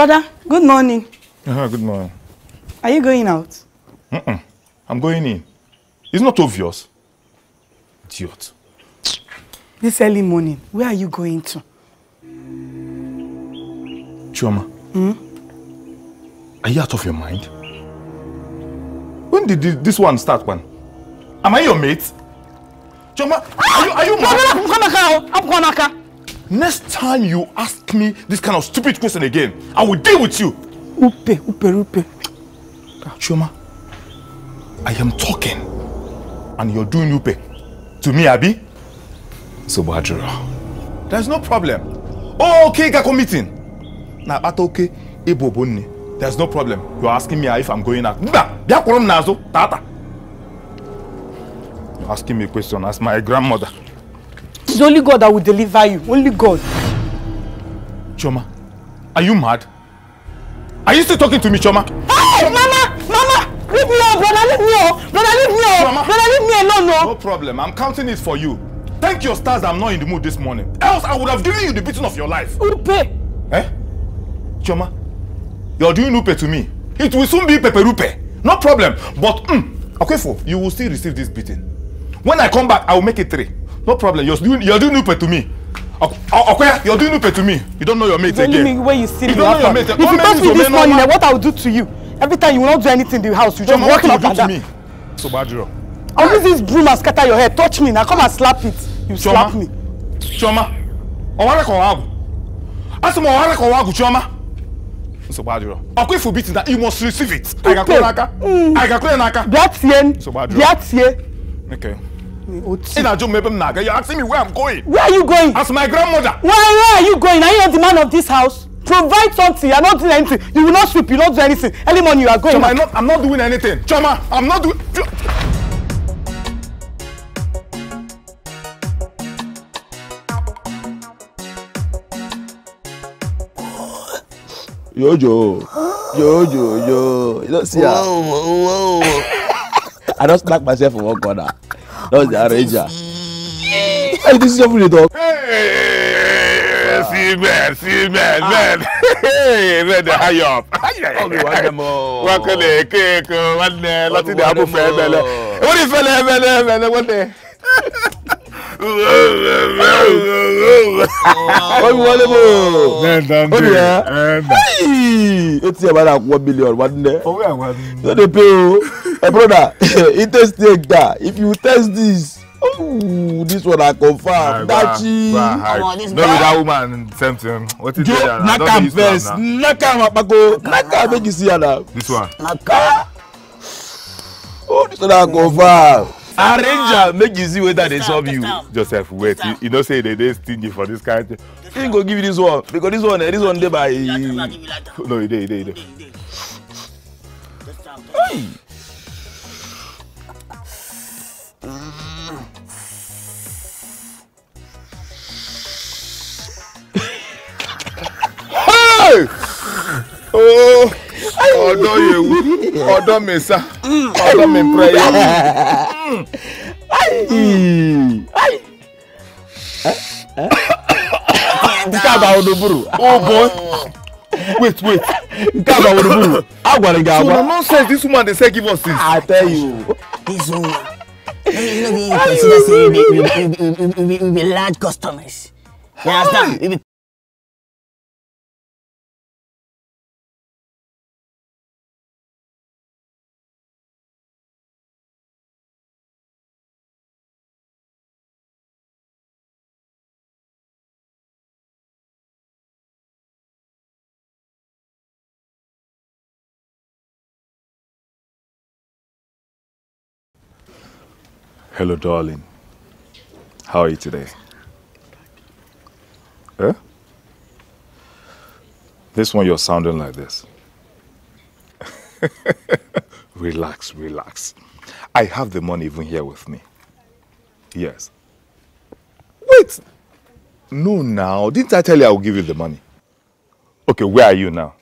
Brother, good morning. Uh -huh, good morning. Are you going out? Mm -mm. I'm going in. It's not obvious. Idiot. This early morning, where are you going to? Chioma. Hmm? Are you out of your mind? When did this one start, One? Am I your mate? Chioma, are you, are you ah! mad? I'm going Next time you ask me this kind of stupid question again, I will deal with you. Upe, upe, upe. Choma, I am talking and you're doing upe. To me, Abi? So, Bahadura. There's no problem. Oh, okay, Gako meeting. Now, but okay, Ibo There's no problem. You're asking me if I'm going out. You're asking me a question. Ask my grandmother. It's only God that will deliver you. Only God. Choma, are you mad? Are you still talking to me, Choma? Hey, Mama! Mama! Leave me alone, brother! Leave me alone! Brother, leave me alone! brother, leave me alone! No, no problem. I'm counting it for you. Thank your stars I'm not in the mood this morning. Else I would have given you the beating of your life. Upe! Eh? Choma, you're doing Upe to me. It will soon be Peperupe. No problem. But, mm, Akwefo, you will still receive this beating. When I come back, I will make it three. No problem. You're doing you're doing Upe to me. Okoya, you're doing Upe to me. You don't know your mate again. don't know me when you see me. don't know your mate. If you touch me this morning, what I will do to you? Every time you will not do anything in the house, you just walk up and down. So bad, you I'll use this broom and scatter your hair. Touch me now. Come and slap it. You slap me. Chioma, ọwara ka ọwagụ asị m ọwara ka ọwagụ Chioma nsogbu adịrọ ọkwa ifu bitin na imo sri civit anyị gakwere n'aka anyị mm. gakwere n'aka bịa tie bịa tie In You asking me where I'm going. Where are you going? As my grandmother. Where, where are you going? Are you not the man of this house? Provide something. You're not doing anything. You will not sweep. You will not do anything. Any money you are going. Choma, I'm not, I'm not doing anything. Choma, I'm not doing. Yo, yo, yo, yo, yo. You don't see her. Whoa, I just slack myself for one corner. That was the arranger. Hey, this is your free dog. Hey, see man, see man, ah. man. Hey, man, the high up. Ọ̀gbìn wá dẹ̀ mọ́. Wọ́n kọ́ lè kéèkó, wọ́n lẹ̀ lọ́tí dẹ̀ abúfẹ́ mẹ́lẹ̀. Wọ́n ní fẹ́lẹ̀ mẹ́lẹ̀ mẹ́lẹ̀ wọ́n lẹ̀ olùwọlé bò olùwà ó ti ẹ̀ bá dà one million wà nílẹ̀ no dey pay o ẹ broda e test take da if you test this oh, this one I confirm. Dachi. No, with that woman, same thing. What is that? Naka first. Naka mapako. Naka make you see her now. This one. Naka. Oh, this one I confirm arrange am make you see whether they solve you joseph wait you, you know say they dey stingy for this kind thing he go give you this one because this one eh, this one dey by no e dey e dey e dey. Hey. Oh, ọdọ yewu ọdọ mesa ọdọ mi pẹrẹ yewu. nke a bụ odoburu oh boy wait wait nke a bụ odoburu a gwara gị agwa so na nonsense this woman dey say give us this i tell you this woman you no be consider say we be we be we be large customers you understand we be Hello, darling. How are you today? Eh? This one, you're sounding like this. relax, relax. I have the money even here with me. Yes. Wait! No, now. Didn't I tell you I will give you the money? Okay, where are you now?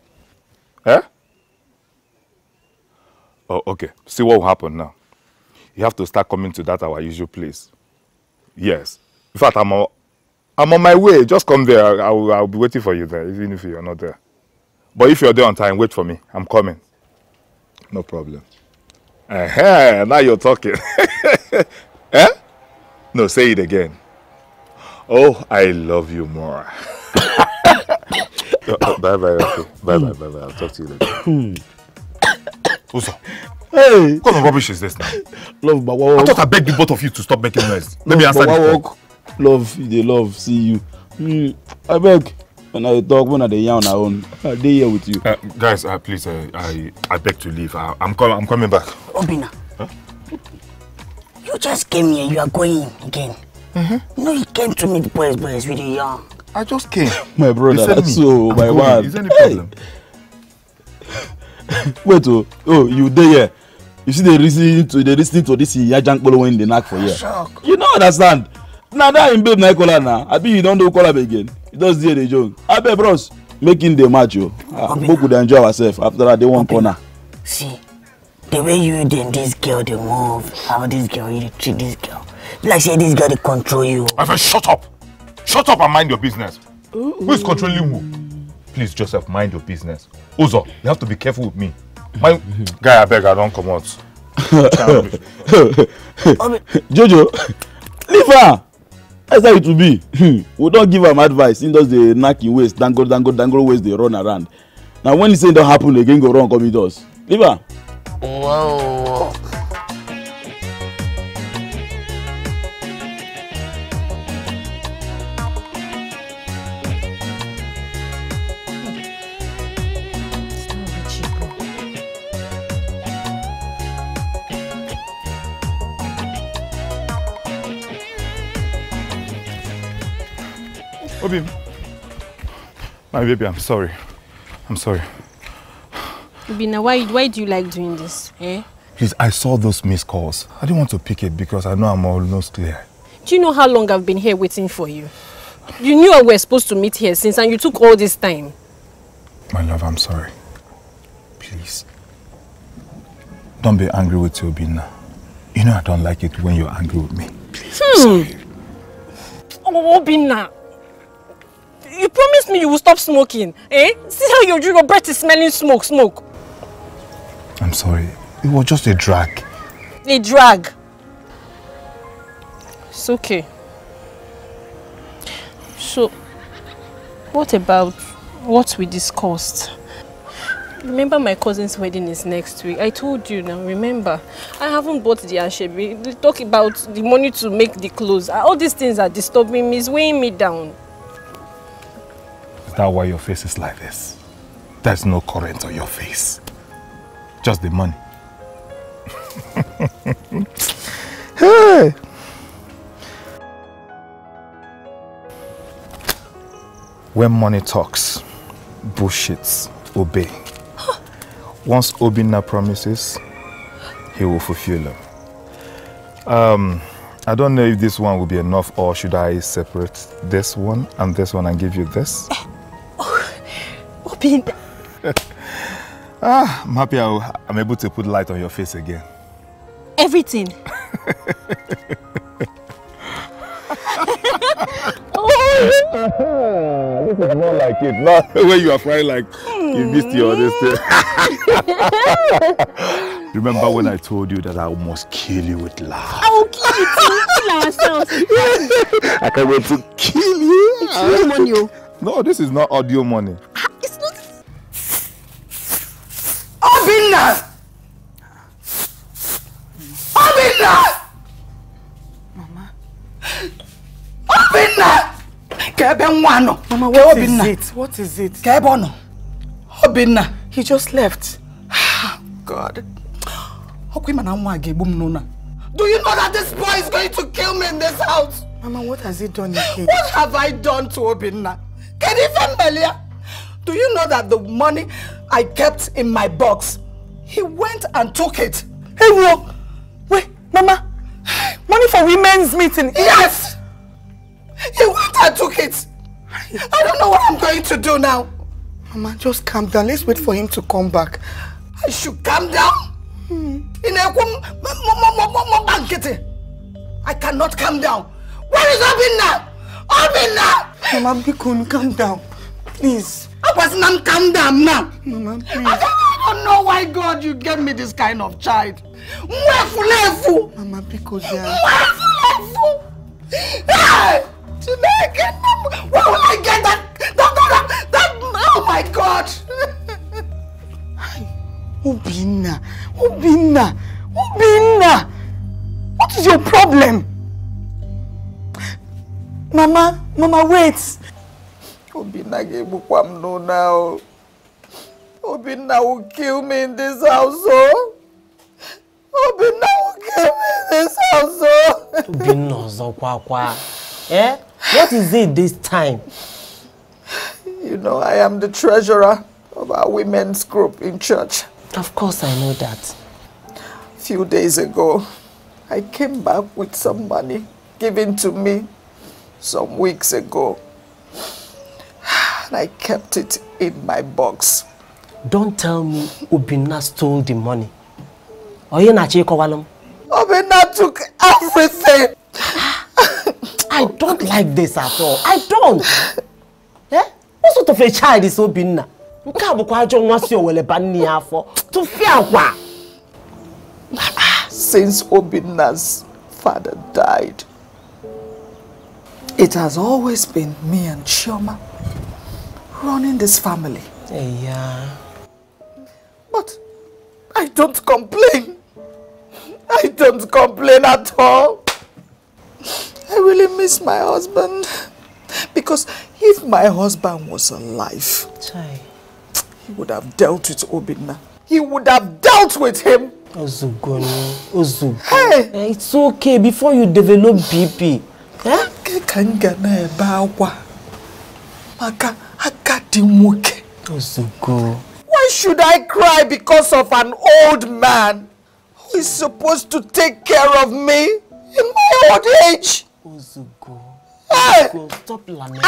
Eh? Oh, okay. See what will happen now you have to start coming to that our usual place. Yes. In fact, I'm, I'm on my way. Just come there. I'll, I'll be waiting for you there, even if you're not there. But if you're there on time, wait for me. I'm coming. No problem. Uh -huh, now you're talking. eh? No, say it again. Oh, I love you more. bye bye, Bye bye, bye bye. I'll talk to you later. Hey. What kind of rubbish is this now? Love, but I thought I begged the both of you to stop making noise. Let me answer this. Walk. Love, they love, see you. Mm, I beg. When I talk, when I dey yarn our own, I dey here with you. Uh, guys, uh, please, uh, I I beg to leave. I, uh, I'm coming. I'm coming back. Obina, huh? you just came here. You are going again. Mm-hmm. No, you came to meet the boys, boys with the young. I just came. my brother, that's so, I'm my going. man. Is there any problem? Wait, oh, oh, you dey here you see dey reason to dey reason to this iya jankpolo wey dey knack for here Shock. you no understand na that im babe na call am na abi you don do call am again you just dey dey joke abeg bros make im dey match o make we dey enjoy ourselves after that dey one corner. see the way you dey this girl dey move how this girl you dey treat this girl be like say this girl dey control you. my friend shut up shut up and mind your business Ooh. who is controlling who please joseph mind your business ozo you have to be careful with me my guy I beg, i don't come comot. jojo leave her that's how it will be we don't give him advice he just dey knack him waist dango dango dango waist dey run around Now when he say e don happen again go wrong, come with us leave her. wow. Obi, my baby, I'm sorry. I'm sorry. Obina, why, why do you like doing this? Eh? Please, I saw those missed calls. I didn't want to pick it because I know I'm almost there. Do you know how long I've been here waiting for you? You knew I was supposed to meet here since and you took all this time. My love, I'm sorry. Please. Don't be angry with you, Obina. You know I don't like it when you're angry with me. Please, hmm. I'm sorry. Oh, Obina you promised me you will stop smoking. Eh? See how your, your breath is smelling smoke, smoke. I'm sorry. It was just a drag. A drag? It's okay. So, what about what we discussed? Remember my cousin's wedding is next week. I told you now, remember. I haven't bought the ashebi. Talk about the money to make the clothes. All these things are disturbing me, it's weighing me down that why your face is like this. There's no current on your face. Just the money. hey! When money talks, bullshits obey. Once Obina promises, he will fulfill them. Um, I don't know if this one will be enough or should I separate this one and this one and give you this? Eh, stupid. ah, I'm happy I, am able to put light on your face again. Everything. Oh. this is more like it. Not when you are crying like you hmm. missed your this thing. Remember when I told you that I must kill you with love? I will kill you too. Kill ourselves. I can't wait to kill you. It's real money. Oh. No, this is not audio money. Obinna Obinna Mama Obinna ka ebe nwa nọ is it? what is it ka ebe ọ Obinna he just left ah, God ọkwa ịma na nwa a m n'ụlọ Do you know that this boy is going to kill me in this house? Mama, what has he done again? What have I done to Obinna? Can you even Do you know that the money I kept in my box. He went and took it. Hey, Ro! Wait, Mama! Money for women's meeting! Yes! He went and took it! I don't know what I'm going to do now. Mama, just calm down. Let's wait for him to come back. I should calm down? I cannot calm down. What is happening now? now. Mama, Bikun, calm down. Please. Oh, Akwasi, now calm down now. Mama, please. I don't even know why God you gave me this kind of child. Mwefulefu. Mama, because they are... Mwefulefu. Hey! Chineke, where will I get that? That, that, that, that oh my God. Obinna, Obinna, Obinna. What is your problem? Mama, Mama, wait. Obinna ga-egbukwa m n'ụlọ ahụ. Obinna will kill me in this house, oh. Obinna will kill me in this house, oh. Obinna ọzọkwa kwa. Eh? What is it this time? You know, I am the treasurer of our women's group in church. Of course I know that. A few days ago, I came back with some money given to me some weeks ago. and I kept it in my box. Don't tell me Obinna stole the money. Oye na Chekowalum. Obinna took everything. I don't like this at all. I don't. Yeah? What sort of a child is Obinna? You can't bụkwa ajọ nwa si owele ba nne ya afọ tụfịa Since Obinna's father died, it has always been me and Chioma running this family. Yeah. But I don't complain. I don't complain at all. I really miss my husband. Because if my husband was alive, Chai. he would have dealt with Obina. He would have dealt with him. Ozugo, Ozugo. Hey. hey! Eh, it's okay before you develop BP. Huh? Eh? Maka, Ademoke. Ozugo. Why should I cry because of an old man who is supposed to take care of me in my old age? Ozugo. stop lamenting.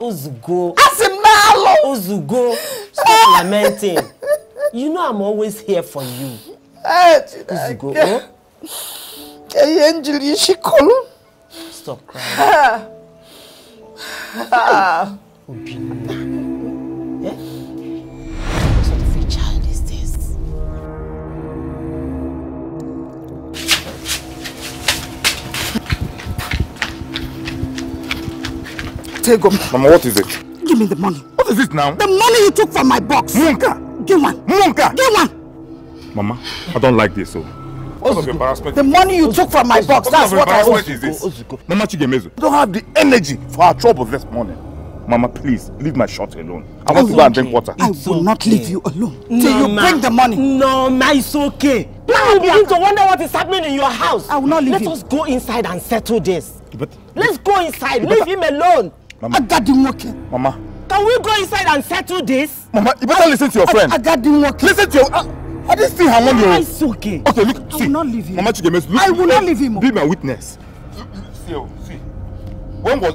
Ozugo. Asimna Alo. Ozugo, stop lamenting. You know I'm always here for you. Ozugo, oh? Hey, Angel, Stop crying. Ah. take up. Mama, what is it? Give me the money. What is it now? The money you took from my box. Munka! Give one. Munka! Give one! Mama, I don't like this, so. Oh. What's of embarrassment? The money you took from my box, that's what I want. is this? Mama don't have the energy for our trouble this morning. Mama, please, leave my shot alone. I want to go and drink water. I will not leave you alone till you bring the money. No, ma, it's okay. Now you begin to wonder what is happening in your house. I will not leave you. Let us go inside and settle this. But, Let's go inside. Leave him alone. Mama. Agadi Nwoke. Mama. Can we go inside and settle this? Mama, you better I, listen to your I, friend. Agadi Nwoke. Listen to your... Uh, I didn't see her money. Oh. It's okay. Okay, look, see. I will not leave him. Mama Chigeme, look. I will not leave him. Oh. Be my witness. See, oh, see. When was...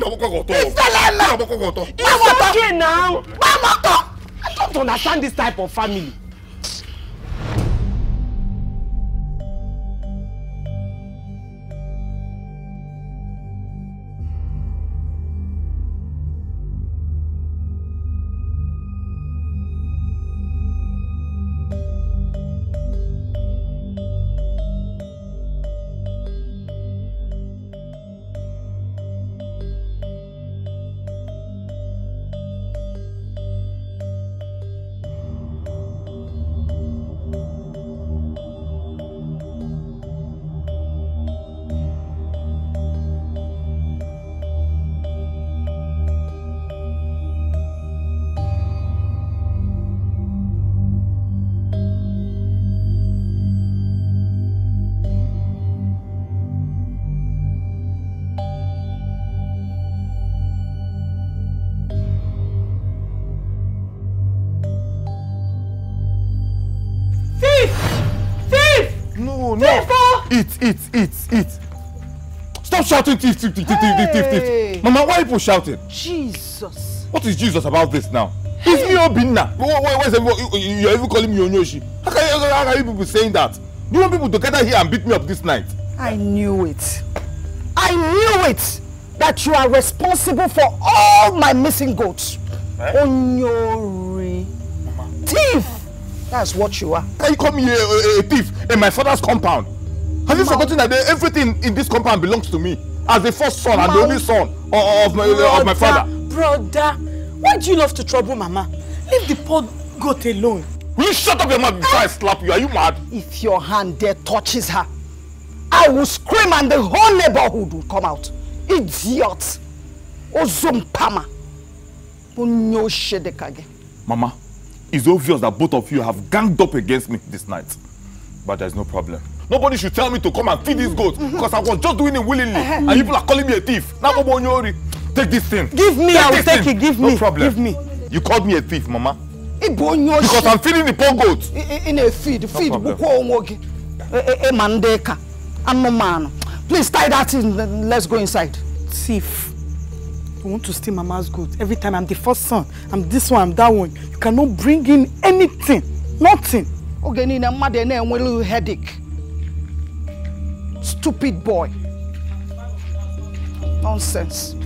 It's not like that. It's okay now. Mama, I don't understand this type of family. eat, eat, eat. Stop shouting thief, thief, thief, thief, thief, thief, thief. Mama, why are people shouting? Jesus. What is Jesus about this now? Hey. It's me Obinna. You're even calling me Onyoshi. How can, you, how can you people saying that? Do you want people to gather here and beat me up this night? I knew it. I knew it that you are responsible for all my missing goats. Eh? Onyori. Thief! That's what you are. Can you call me a, a, a thief in my father's compound? Have you forgotten that everything in this compound belongs to me as the first son and the only son of, my, brother, of my father? Brother, why do you love to trouble Mama? Leave the poor goat alone. Will you shut up your mouth before I slap you? Are you mad? If your hand there touches her, I will scream and the whole neighborhood will come out. Idiot! Ozumpama! Mama, it's obvious that both of you have ganged up against me this night. But there's no problem. Nobody should tell me to come and feed these goats mm-hmm. because I was just doing it willingly uh-huh. and people are calling me a thief. Now, Bobo Onyori, take this thing. Give me, take I will take it. Give me. No problem. Give me. You called me a thief, Mama. Because I'm feeding the poor goats. In a feed, feed. Mandeka. Anumano. Please tie that in. Let's go inside. Thief. You want to steal Mama's goods. Every time I'm the first son. I'm this one, I'm that one. You cannot bring in anything. Nothing. Okay, Nina, mother, now, little headache. Stupid boy. Nonsense.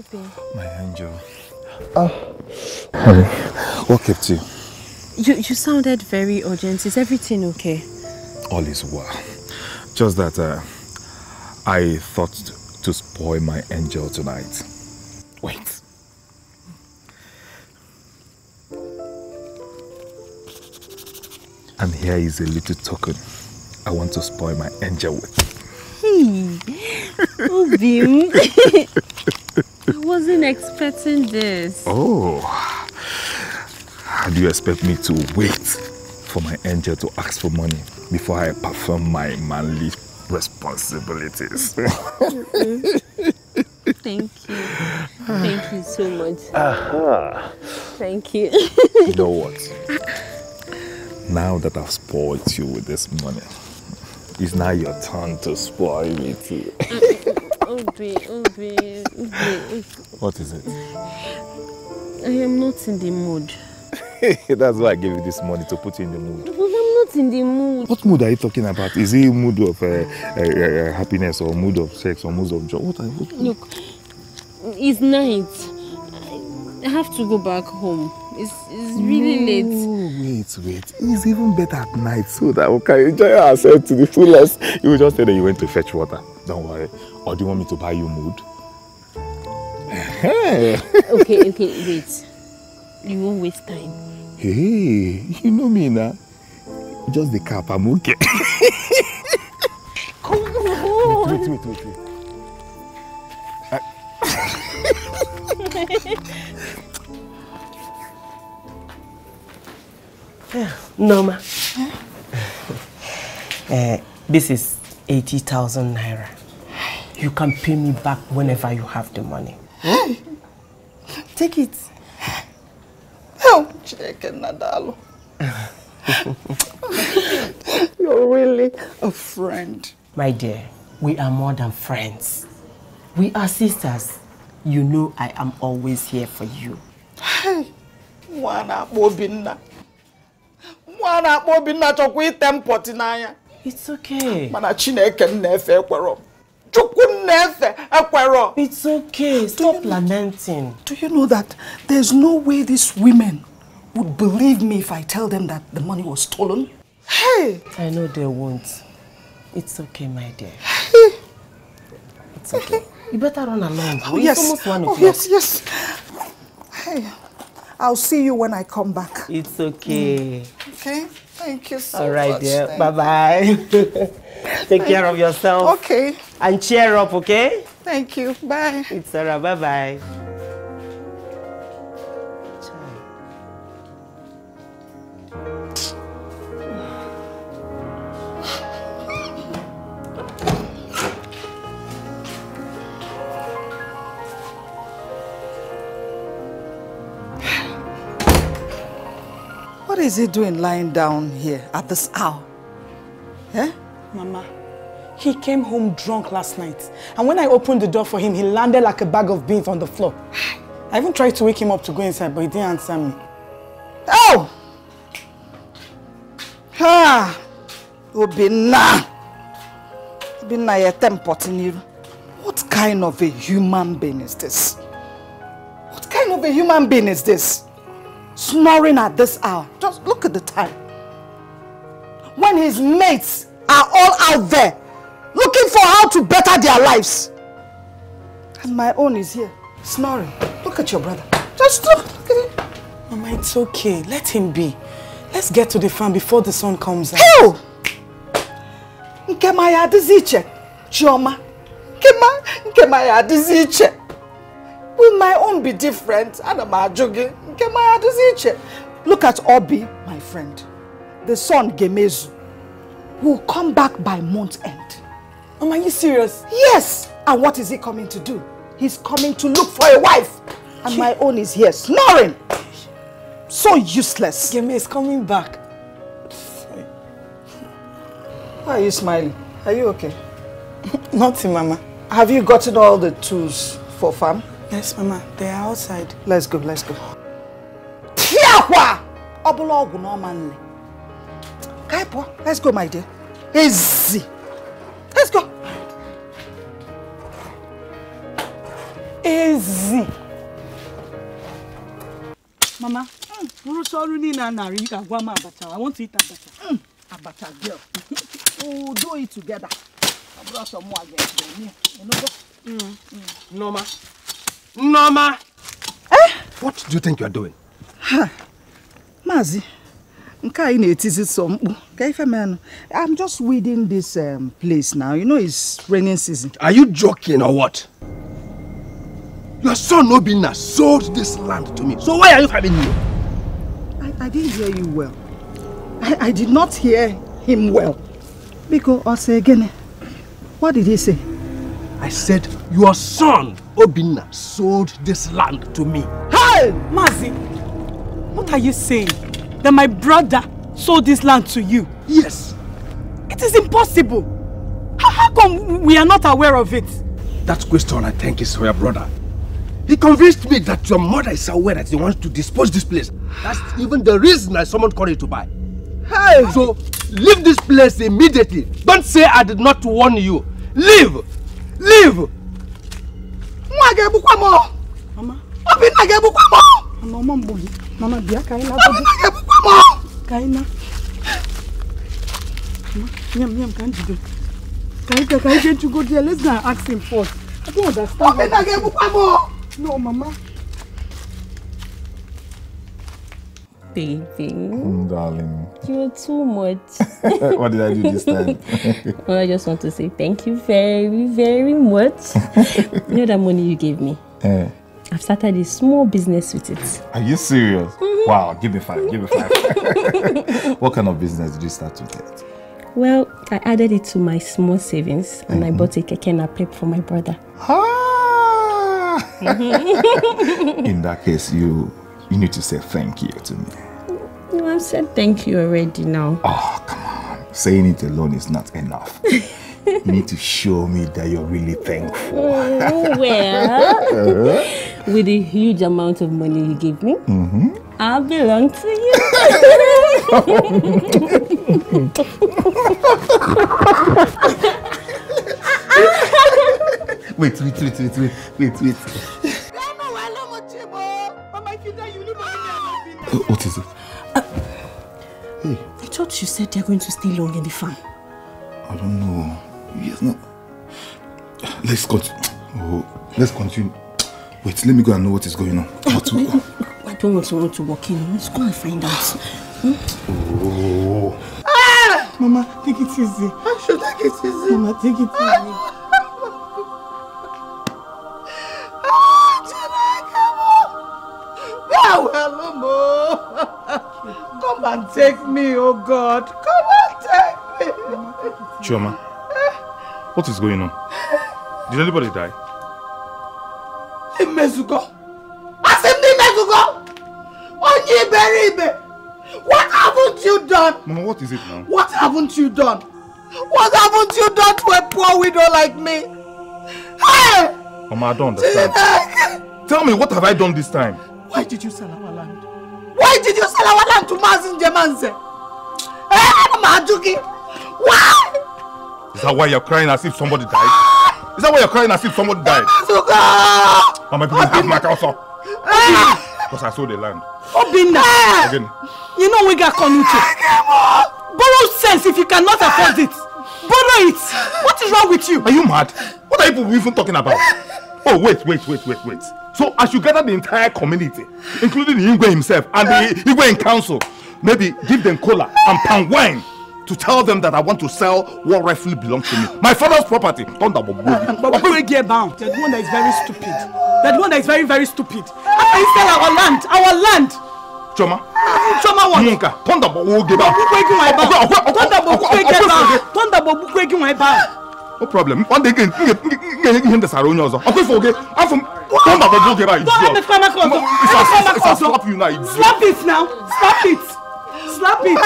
Scorpio. My angel. Oh, ah. honey, what kept you? You, you sounded very urgent. Is everything okay? All is well. Just that uh, I thought to spoil my angel tonight. Wait. And here is a little token I want to spoil my angel with. Hey, Bim. I wasn't expecting this. Oh. How do you expect me to wait for my angel to ask for money before I perform my manly responsibilities? Thank you. Thank you so much. Uh -huh. Thank you. you know what? Now that I've spoiled you with this money, it's now your turn to spoil me too. What is it? I am not in the mood. That's why I gave you this money to put you in the mood. But I'm not in the mood. What mood are you talking about? Is it mood of uh, uh, uh, uh happiness or mood of sex or mood of joy? What are you? Look, it's night. I have to go back home. It's, it's really no, late. Wait, wait. It's even better at night so that we can enjoy ourselves to the fullest. You just said that you went to fetch water. Don't worry. Or do you want me to buy you mood? okay, okay, wait. You won't waste time. Hey, you know me now. Just the cap, I'm okay. Come on. Wait, wait, wait, wait. wait. Norma. Uh, this is 80,000 naira. You can pay me back whenever you have the money. Take it. You're really a friend. My dear, we are more than friends. We are sisters. You know I am always here for you. Hey, it's okay. Mana Chineke nnefe ekwero. Chukwu nnefe It's okay. Stop lamenting. Do you know that there's no way these women would believe me if I tell them that the money was stolen? Hey! I know they won't. It's okay, my dear. Hey. It's okay. You better run along. Oh, yes. almost one oh, o'clock. Oh, yes, yes. Hey. I'll see you when I come back. It's okay. Mm. Okay. Thank you so much. All right, much. dear. bye bye. Take care of yourself. Okay. And cheer up, okay? Thank you. Bye. It's Sarah. Bye bye. is he doing lying down here at this hour? Eh? Mama, he came home drunk last night. And when I opened the door for him, he landed like a bag of beans on the floor. I even tried to wake him up to go inside, but he didn't answer me. Oh! Ha! Obinna! Obinna, your temper What kind of a human being is this? What kind of a human being is this? snoring at this hour. Just look at the time. When his mates are all out there looking for how to better their lives. And my own is here, snoring. Look at your brother. Just look, look at him. Mama, it's okay. Let him be. Let's get to the farm before the sun comes out. Hell! Nke ya Chioma. Nke ya Will my own be different? Ana m ajụ gị Look at Obi, my friend. The son Gemezu will come back by month end. Mom, are you serious? Yes. And what is he coming to do? He's coming to look for a wife. And my own is here snoring. So useless. Gemesu is coming back. Why are you smiling? Are you okay? Nothing, Mama. Have you gotten all the tools for farm? Yes, Mama. They are outside. Let's go, let's go. Tiahua! Obula ogu no manle. Kai Let's go, my dear. Easy. Let's go. Easy. Mama, bụrụ sọrụ niile a narị ị ga-agwa m abacha. I want to eat abacha. Mm. Abacha girl. Oh, do it together. I brought Abụrụ ọsọ mụ a ga-ebe. Nneọma. Norma! Eh? What do you think you are doing? Ha! Mazi, nke anyị na-etizi sọ mkpu ka ife I'm just weeding this um, place now. You know it's raining season. Are you joking or what? Your son Obinna sold this land to me. So why are you having me? I, I didn't hear you well. I, I did not hear him well. Because I say again. What did he say? I said, your son Obinna sold this land to me. Hey! Mazi, what are you saying? That my brother sold this land to you? Yes. It is impossible. How, how come we are not aware of it? That question, I think, is for your brother. He convinced me that your mother is aware that he wants to dispose this place. That's even the reason I summoned Corey to buy. Hey! So, leave this place immediately. Don't say I did not warn you. Leave! Leave! nwa gị egbukwa m obinna gị egbukwa m mama mgbe mama bịa ka na-abụ obinna gị egbukwa na nye m nye m ka njide ka anyị ka anyị ga-ejugo di ya let's go and ask him first I don't understand no mama baby. Mm, darling. You're too much. what did I do this time? well, I just want to say thank you very, very much. you know that money you gave me? Yeah. I've started a small business with it. Are you serious? Mm -hmm. Wow, give me five, give me five. what kind of business did you start with it? Well, I added it to my small savings and mm -hmm. I mm-hmm. bought a keke napep for my brother. Ah! In that case, you you need to say thank you to me. No, I've said thank you already now. Oh, come on. Saying it alone is not enough. you need to show me that you're really thankful. Oh, well, uh-huh. with the huge amount of money you gave me, mm -hmm. I belong to you. wait, wait, wait, wait, wait, wait, wait. What is it? Hey. I thought you said they're going to stay long in the farm. I don't know. Yes, no. Let's continue. Oh, let's continue. Wait, let me go and know what is going on. Ah, what I, I don't want someone to walk in. Let's go and find out. Hmm? Oh. Ah! Mama, take it easy. I should take it easy. Mama, take it easy. Ah, hello, Mo. Come and take me, oh God. Come and take me. Chioma, what is going on? Did anybody die? Imezuko. Asị m Imezuko. Onye iberibe. What haven't you done? Mama, what is it now? What haven't you done? What haven't you done to a poor widow like me? Hey! Mama, I don't understand. Tell me, what have I done this time? Why did you sell our land? Why did you sell our land to Mazin Jemanze? Eh, I'm Aduki. Why? Is that why you're crying as if somebody died? Is that why you're crying as if somebody died? Mazuka! Mama, people have my house eh. Because I sold the land. Obinna! Again. Eh. You know we got Konuche. Borrow sense if you cannot eh. afford it. Borrow it. What is wrong with you? Are you mad? What are you even talking about? Oh, wait, wait, wait, wait, wait. So I should gather the entire community, including the Igwe himself and the Igwe in council. Maybe give them cola and palm wine to tell them that I want to sell what rightfully belongs to me. My father's property. Thunder Bobogi. But we get bound. That one is very stupid. That one is very, very stupid. How can you sell our land? Our land. Choma. Choma what? Nunca. Thunder Bobogi. Thunder Bobogi. Thunder Bobogi. Thunder Bobogi no problem one day ga-enye gị ihe ndesara onye ọzọ ọkwa ifo oge afọ m nọmba gbagbo oge ba slap you now slap it now slap it slap it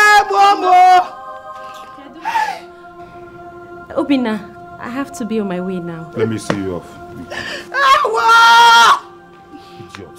Obina, I have to be on my way now. Let me see you off. Idiot.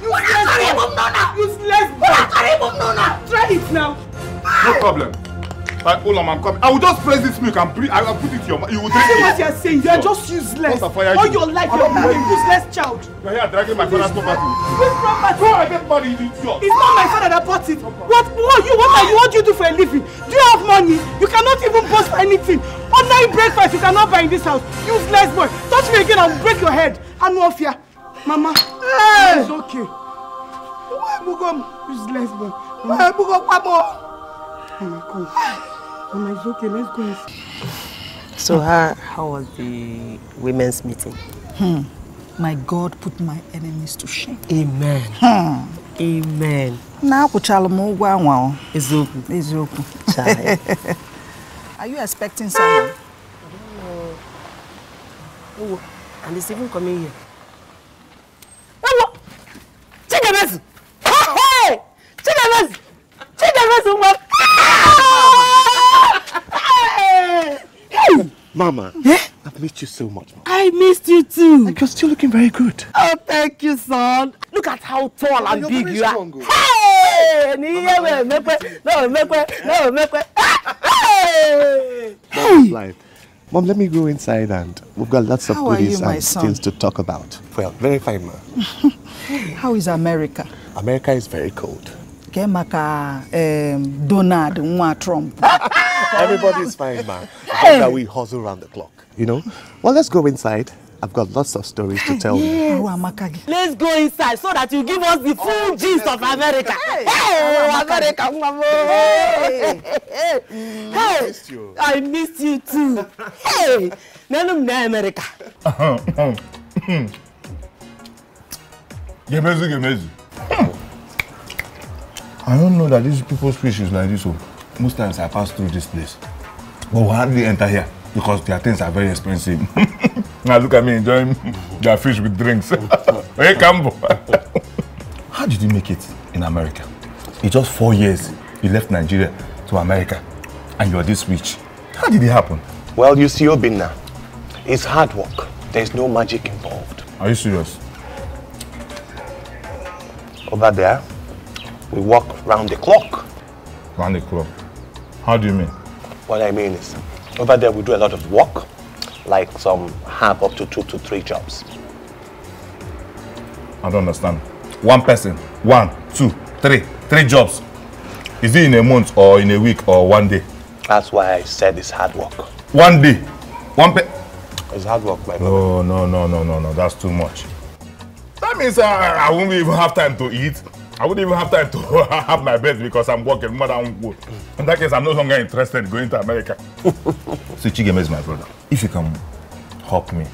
Useless boy! Useless boy! Try it now! No problem. Like, hold on, I'm coming. I will just press this milk and pre I will put it to your mouth. You will drink See it. See what you're saying? You're no. just useless. All you. your life, you you're a useless child. You're here dragging my father's property. Whose property? Who I get money, you idiot. It's not my father that bought it. What, what, you, what, are you, what do you do for a living? Do you have money? You cannot even post anything. Ordinary breakfast you cannot buy in this house. Useless boy. Touch me again, I will break your head. I'm off here. Mama, hey. it's okay. Why Bugom useless boy? Why Bugom Pamo? Mama, come. Mama, it's okay. Let's go and So how, how was the women's meeting? Hmm. My God put my enemies to shame. Amen. Hmm. Amen. Now, kuchala mo gwa wao. Ezoku. Ezoku. Chai. Are you expecting someone? I don't know. Oh, and it's even coming here. Chinemezi! Chinemezi! Chinemezi ń wọ. Mama, yeah? I've missed you so much. Mama. I missed you too. And you're still looking very good. Oh, thank you, son. Look at how tall and, big you are. Strong, hey! No, no, no, no, no. Hey! That's life. Mom, let me go inside and we've oh got lots How of goodies you, and son? things to talk about. Well, very fine, ma. How is America? America is very cold. Okay, Maka, Donald, Trump. Everybody's fine, ma. That we hustle around the clock, you know? Well, let's go inside I've got lots of stories to tell yes. you. Let's go inside so that you give us the oh, full oh, gist of America. Hey, hey America, Mamo. Hey, hey. Mm, hey. I missed you. I missed you too. hey, Nanum na America. Gemezi, Gemezi. I don't know that these people's speech is like this. So oh. most times I pass through this place, but we hardly enter here because their things are very expensive. Now look at me enjoying their fish with drinks. hey, Cambo. How did you make it in America? In just four years, you left Nigeria to America and you're this rich. How did it happen? Well, you see, Obinna, it's hard work. There's no magic involved. Are you serious? Over there, we work round the clock. Round the clock? How do you mean? What I mean is, over there we do a lot of work, like some have up to two to three jobs. I don't understand. One person, one, two, three, three jobs. Is it in a month or in a week or one day? That's why I said it's hard work. One day? One pe It's hard work, my brother. No, no, no, no, no, no. That's too much. That means uh, I won't even have time to eat. I wouldn't even have time to have my birth because I'm working more than one. In that case, I'm no longer interested in going to America. so Chigeme is my brother. If you can help me,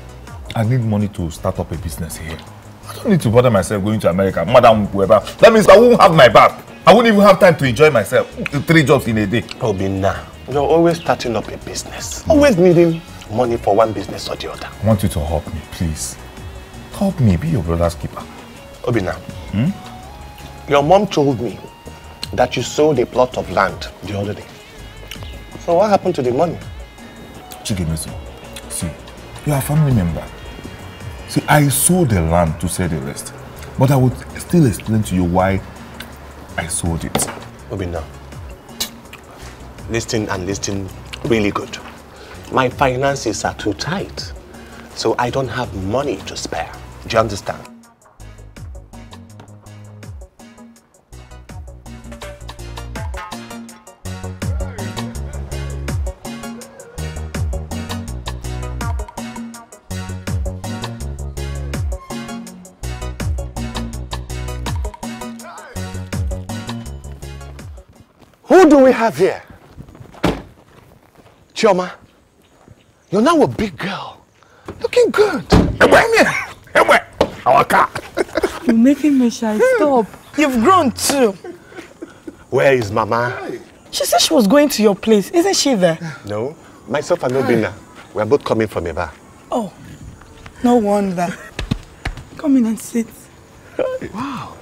I need money to start up a business here. I don't need to bother myself going to America, Madam whoever. That means I won't have my bath. I wouldn't even have time to enjoy myself. Three jobs in a day. Obina, you're always starting up a business. Mm. Always needing money for one business or the other. I want you to help me, please. Help me be your brother's keeper. Obina, hmm? Your mom told me that you sold a plot of land the other day. So what happened to the money? Chigemeso, see, you are a family member. See, I sold the land to sell the rest. But I would still explain to you why I sold it. Obina, listen and listen really good. My finances are too tight, so I don't have money to spare. Do you understand? have here? Chioma, you're now a big girl. Looking good. Come Our car. You're making me shy. Stop. Hmm. You've grown too. Where is Mama? She said she was going to your place. Isn't she there? No. Myself and Obina, We're both coming from Eba. Oh, no wonder. Come in and sit. Wow.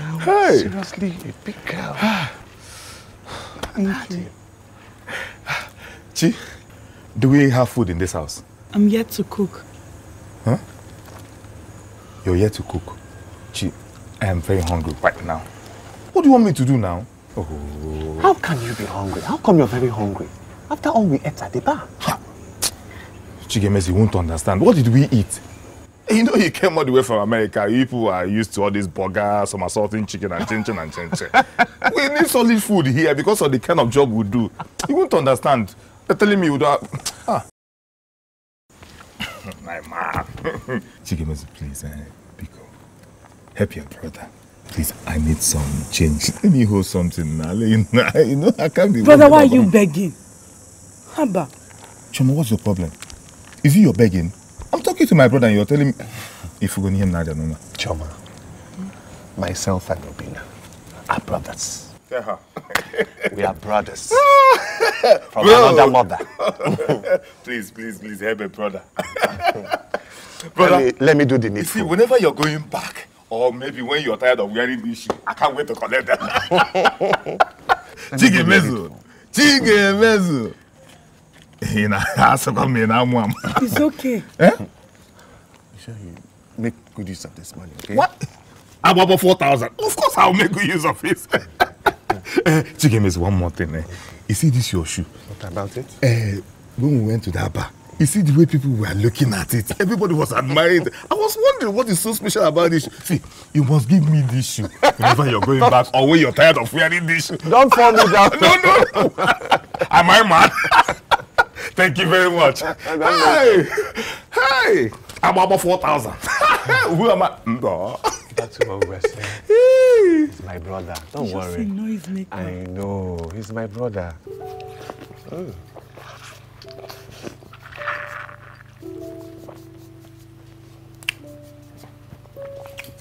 No, hey. Seriously, a big girl. Ah. Thank ah, you. Ah, Chi, do we have food in this house? I'm yet to cook. Huh? You're yet to cook? Chi, I am very hungry right now. What do you want me to do now? Oh. How can you be hungry? How come you're very hungry? After all we ate at the bar. Chigemezi won't understand. What did we eat? You know, you came all the way from America. You people are used to all this burger, some somersaulting chicken, and chin chin and chin chin. we need solid food here because of the kind of job we do. You won't understand. They're telling me you don't. Have... Ah. My man. chicken, please, eh, Pico. Help your brother. Please, I need some change. Let me hold something now. You know, I can't be. Brother, why are you begging? Haba. Chuma, what's your problem? Is it your begging? I'm talking to my brother and you're telling me if we go near him now, Numa. Choma, myself and Obina are brothers. we are brothers from Bro. another mother. please, please, please help a brother. brother, let me, let me do the needful. You see, whenever you're going back, or maybe when you're tired of wearing this shoe, I can't wait to collect them. Chigemezu, Chigemezu in a house of me and I'm It's okay. Eh? You sure you make good use of this money, okay? What? I'm about 4,000. Of course I'll make good use of it. Chicken eh, is one more thing. Eh? You see this your shoe? What about it? Uh, when we went to that bar, you see the way people were looking at it. Everybody was admiring it. I was wondering what is so special about this shoe. See, you must give me this shoe whenever you're going back or when you're tired of wearing this shoe. Don't fall me down. no, no. Am I mad? Thank you very much. hey, hey, I'm about 4,000. Who am I? No. That's who we were saying. He's my brother. Don't you worry. Noise maker. I know. He's my brother. Oh.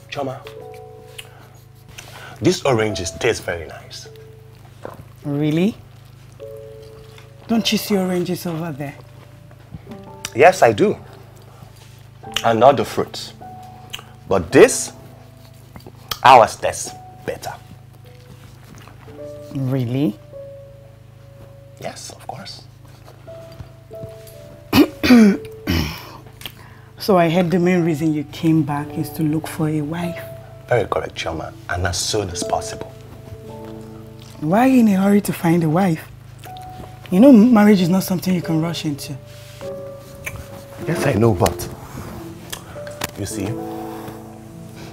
Choma, this orange taste very nice. Really? Don't you see oranges over there? Yes, I do. And not the fruits. But this, ours tastes better. Really? Yes, of course. so I heard the main reason you came back is to look for a wife. Very correct, Chairman, and as soon as possible. Why in a hurry to find a wife? You know marriage is not something you can rush into. Yes, I know, but you see,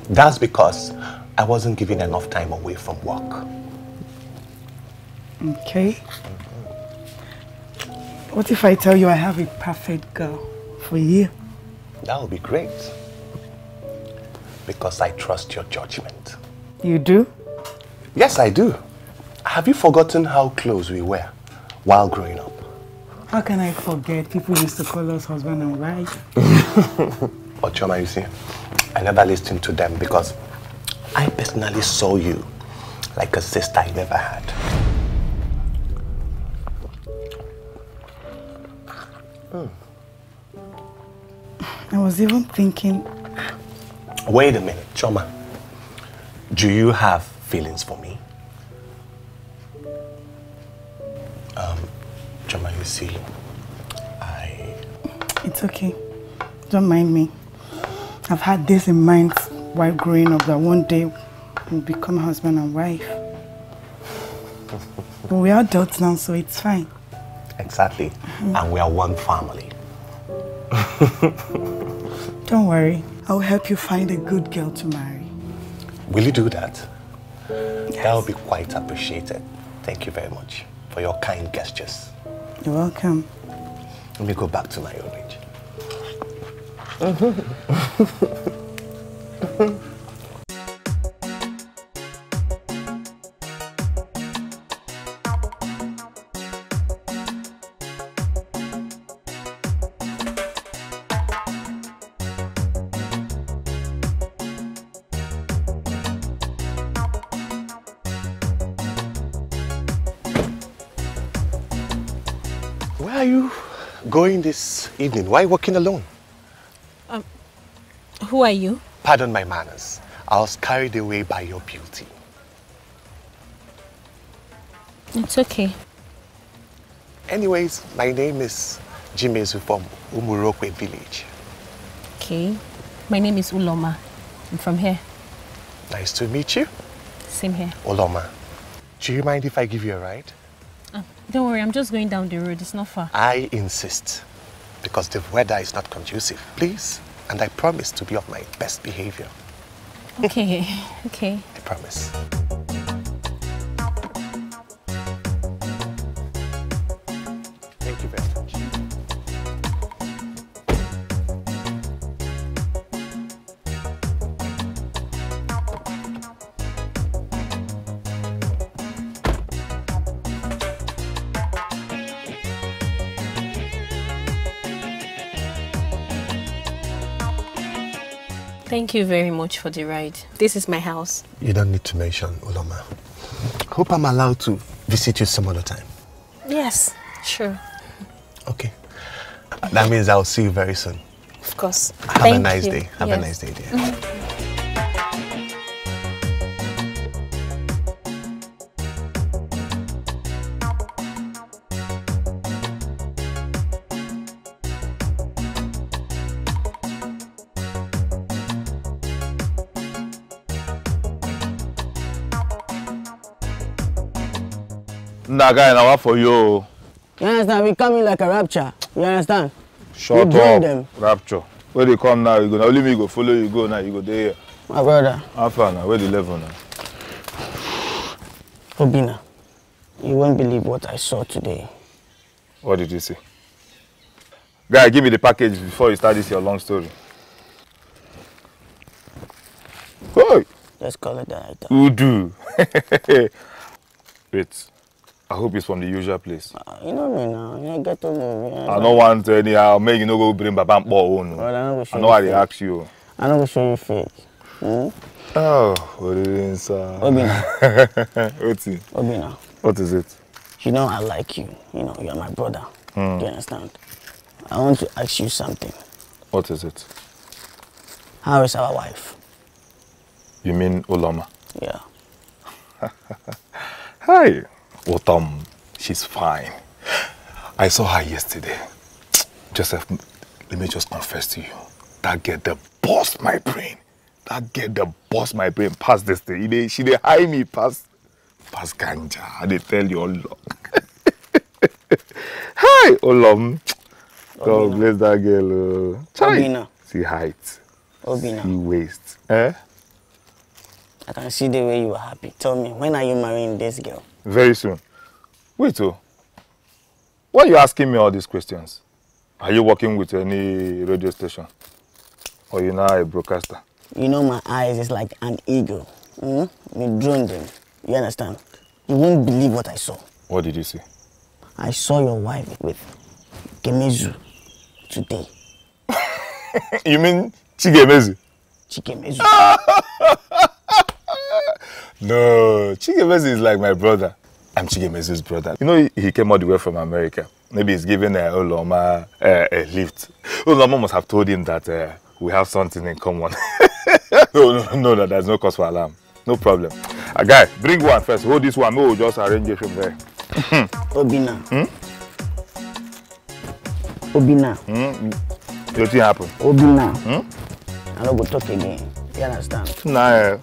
that's because I wasn't giving enough time away from work. Okay. What if I tell you I have a perfect girl for you? That would be great. Because I trust your judgment. You do? Yes, I do. Have you forgotten how close we were? while growing up. How can I forget? People used to call us husband and wife. But Choma, you see, I never listened to them because I personally saw you like a sister I never had. Hmm. I was even thinking... Wait a minute, Choma. Do you have feelings for me? Um, you see, I... It's okay. Don't mind me. I've had this in mind while growing up that one day we'll become husband and wife. but we are adults now, so it's fine. Exactly. Mm And we are one family. Don't worry. I'll help you find a good girl to marry. Will you do that? Yes. That will be quite appreciated. Thank you very much for your kind gestures. You're welcome. Let me go back to my own age. this evening? Why walking alone? Um, who are you? Pardon my manners. I was carried away by your beauty. It's okay. Anyways, my name is Jimezu from Umurokwe village. Okay. My name is Uloma. I'm from here. Nice to meet you. Same here. Uloma, do you mind if I give you a ride? Uh, don't worry, I'm just going down the road. It's not far. I insist because the weather is not conducive. Please, and I promise to be of my best behavior. Okay, okay. I promise. Thank you very much for the ride. This is my house. You don't need to mention Uloma. Hope I'm allowed to visit you some other time. Yes, sure. Okay. That means I'll see you very soon. Of course. Have Thank a nice you. day. Have yes. a nice day, dear. Guy, guy, now for you. You understand? We coming like a rapture. You understand? Shut we up. Them. Rapture. Where they come now, you go. Now only me go follow you go now. You go there. My brother. How far now? Where the level now? Obina, you won't believe what I saw today. What did you see? Guy, give me the package before you start this your long story. Hey! Let's call it that. Udu. Wait. I hope it's from the usual place. Uh, you know me now. You know, get to move. Yeah, I don't want any. anyhow. Uh, Make you no go bring Babam Bo own. Well, I know, I know I ask you. I know go show you fake. Hmm? Oh, what is it, sir? Obina. Obina. What is it? You know I like you. You know, you're my brother. Mm. Do you understand? I want to ask you something. What is it? How is our wife? You mean Ulama? Yeah. Hi. Well, Tom, she's fine. I saw her yesterday. Joseph, let me just confess to you. That girl, the boss, my brain. That girl, the boss, my brain, past this day, They, she they hide me past, past ganja. I they tell you all long. Hi, Olom. God bless that girl. Uh, Obina. See height. Obina. See waist. Eh? I can see the way you are happy. Tell me, when are you marrying this girl? very soon. Wait, oh. Why are you asking me all these questions? Are you working with any radio station? Or you now a broadcaster? You know my eyes is like an eagle. Mm? me drone them. You understand? You won't believe what I saw. What did you see? I saw your wife with Gemezu today. you mean Chigemezu? Chigemezu. No, Chigemezu is like my brother. I'm Chigemezu's brother. You know, he came all the way from America. Maybe he's giving uh, Oloma uh, a lift. Oloma must have told him that uh, we have something in common. no, no, no, no, there's no cause for alarm. No problem. Uh, guy, bring one first. Hold this one. We'll just arrange it from there. Obina. Hmm? Obina. Hmm? What happened? Obina. Hmm? I don't go talk again. You understand? Nah. Eh.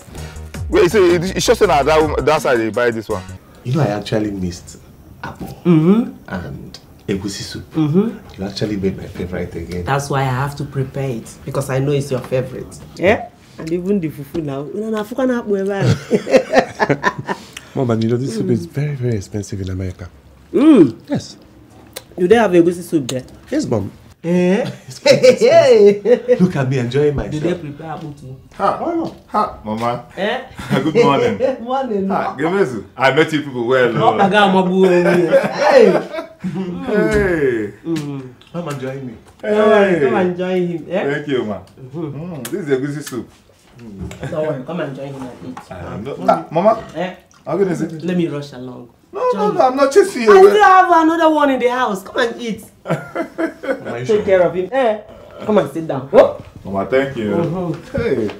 Wait, so it's just that that, that side they buy this one. You know, I actually missed apple mm-hmm. and egusi soup. Mm-hmm. You actually made my favorite again. That's why I have to prepare it because I know it's your favorite. Yeah, and even the fufu now. Una fufu na akpu Mom, but you know this soup is mm. very very expensive in America. Mm. Yes. Do they have egusi soup there? Yes, mom. Eh? Look at me enjoying myself. Did they prepare Abutu? Ha. Oh not? Ha, Mama. Eh? Good morning. morning. Ha, Gemezu. I met you people well. No, I got my boo. Hey. Hey. Mm. Come and join me. Hey. Come and join him. Eh? Thank you, ma. Mm-hmm. Mm, this is a good soup. Mm. So, come and join him and eat. Um, no, ah, Mama. Eh? How good is it? Let me rush along. No, Johnny. no, no, I'm not chasing you. I still have another one in the house. Come and eat. Take sure? care of him. Eh, come and sit down. Oh. Mama, thank you. Mm-hmm. Hey.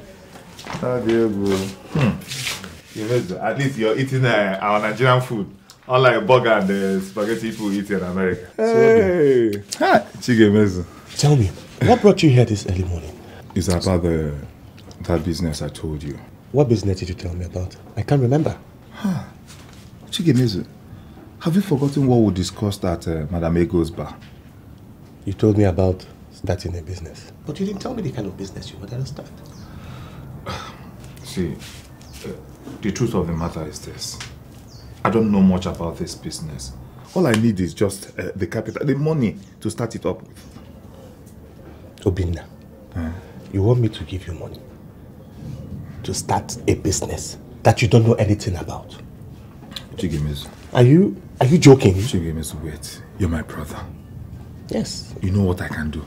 How do you go? Hmm. At least you're eating uh, our Nigerian food. Unlike burger and the uh, spaghetti people eat in America. Hey. Hi. Chigemezu. Tell me, what brought you here this early morning? It's about the, uh, that business I told you. What business did you tell me about? I can't remember. Chigemezu, have you forgotten what we discussed at uh, Madame Ego's bar? You told me about starting a business. But you didn't tell me the kind of business you wanted to start. See, uh, the truth of the matter is this. I don't know much about this business. All I need is just uh, the capital, the money to start it up with. Obinna, huh? you want me to give you money to start a business that you don't know anything about? Chigemezu. Are you are you joking? Chigemezu, wait. You're my brother. Yes. You know what I can do.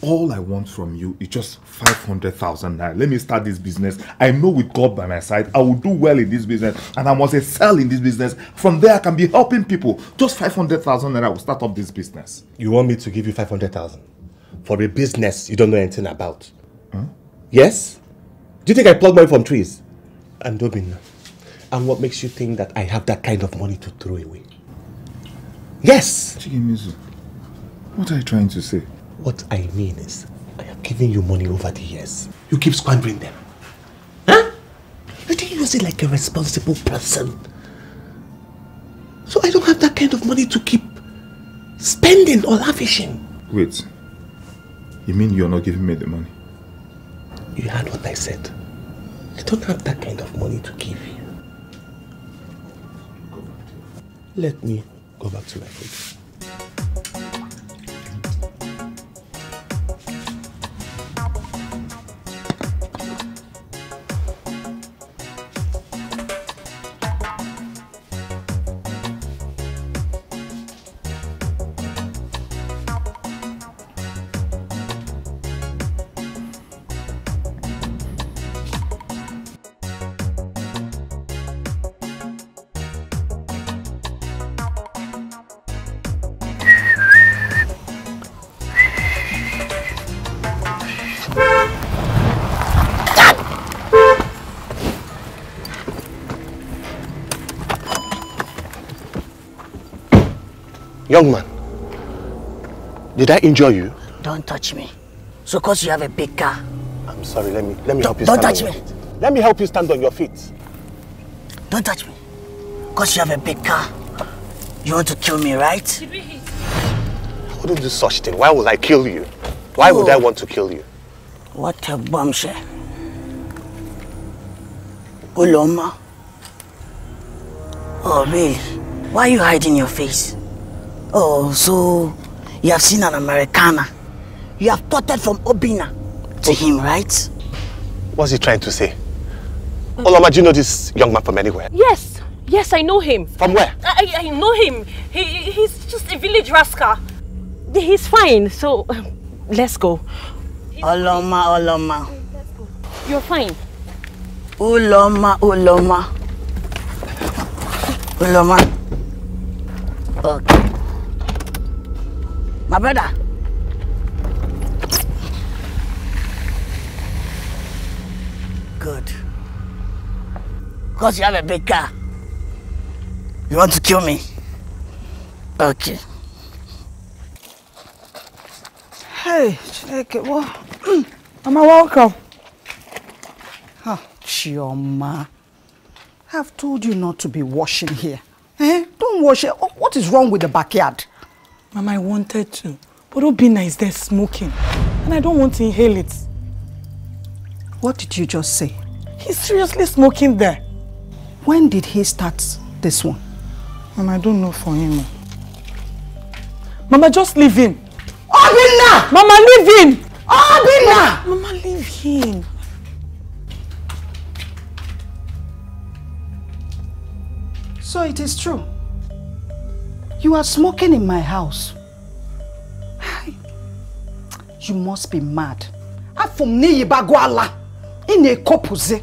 All I want from you is just 500,000 naira. Let me start this business. I know with God by my side, I will do well in this business and I must excel in this business. From there, I can be helping people. Just 500,000 naira will start up this business. You want me to give you 500,000 for a business you don't know anything about? Huh? Yes? Do you think I pluck money from trees? I'm doping and what makes you think that I have that kind of money to throw away? Yes! Chigimizu, what are you trying to say? What I mean is, I have given you money over the years. You keep squandering them. Huh? You didn't use it like a responsible person. So I don't have that kind of money to keep spending or lavishing. Wait. You mean you're not giving me the money? You heard what I said. I don't have that kind of money to give you. Let me go back to my page. Young man, did I injure you? Don't touch me. So cause you have a big car. I'm sorry, let me let me help you don't touch me. Let me help you stand on your feet. Don't touch me. Cause you have a big car. You want to kill me, right? I wouldn't do such thing. Why would I kill you? Why would I oh. want to kill you? What a bombshell. Uloma. Oh, Bill, why are you hiding your face? Oh, so you have seen an Americana. You have ported from Obina to oh. him, right? What's he trying to say? Mm. Olama, do you know this young man from anywhere? Yes, yes, I know him. From where? I, I know him. He, he's just a village rascal. He's fine, so let's go. Oloma, Oloma. Let's go. You're fine. Uloma, Uloma. Uloma. Okay. my brother. Good. Because you have a big car. You want to kill me? Okay. Hey, check it. What? Am I welcome? Oh, Chioma. I've told you not to be washing here. Eh? Don't wash it. What is wrong with the backyard? Mama, I wanted to. But Obina is there smoking. And I don't want to inhale it. What did you just say? He's seriously smoking there. When did he start this one? Mama, I don't know for him. Mama, just leave him. Obina! Mama, leave him! Obina! Mama, Mama leave him. So it is true. You are smoking in my house. You must be mad. Afum ni yibagwala. Ine kopuze.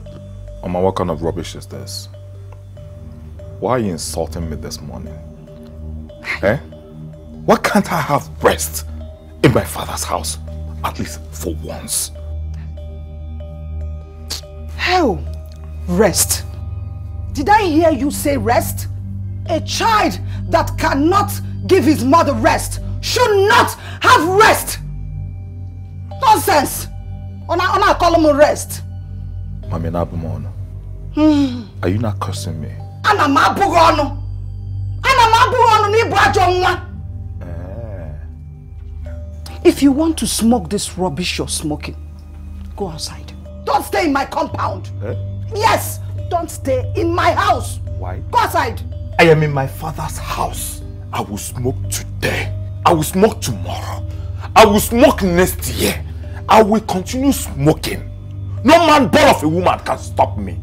what kind of rubbish is this? Why are you insulting me this morning? eh? Why can't I have rest in my father's house? At least for once. Hell, rest. Did I hear you say rest? A child that cannot give his mother rest should not have rest. Nonsense. Ona ona call him rest. Mami na bumono. Hmm. Are you not cursing me? Ana ma abugo onu. ni ajo nwa. Eh. If you want to smoke this rubbish you're smoking, go outside. Don't stay in my compound. Eh? Yes, don't stay in my house. Why? Go outside. I am in my father's house. I will smoke today. I will smoke tomorrow. I will smoke next year. I will continue smoking. No man born of a woman can stop me.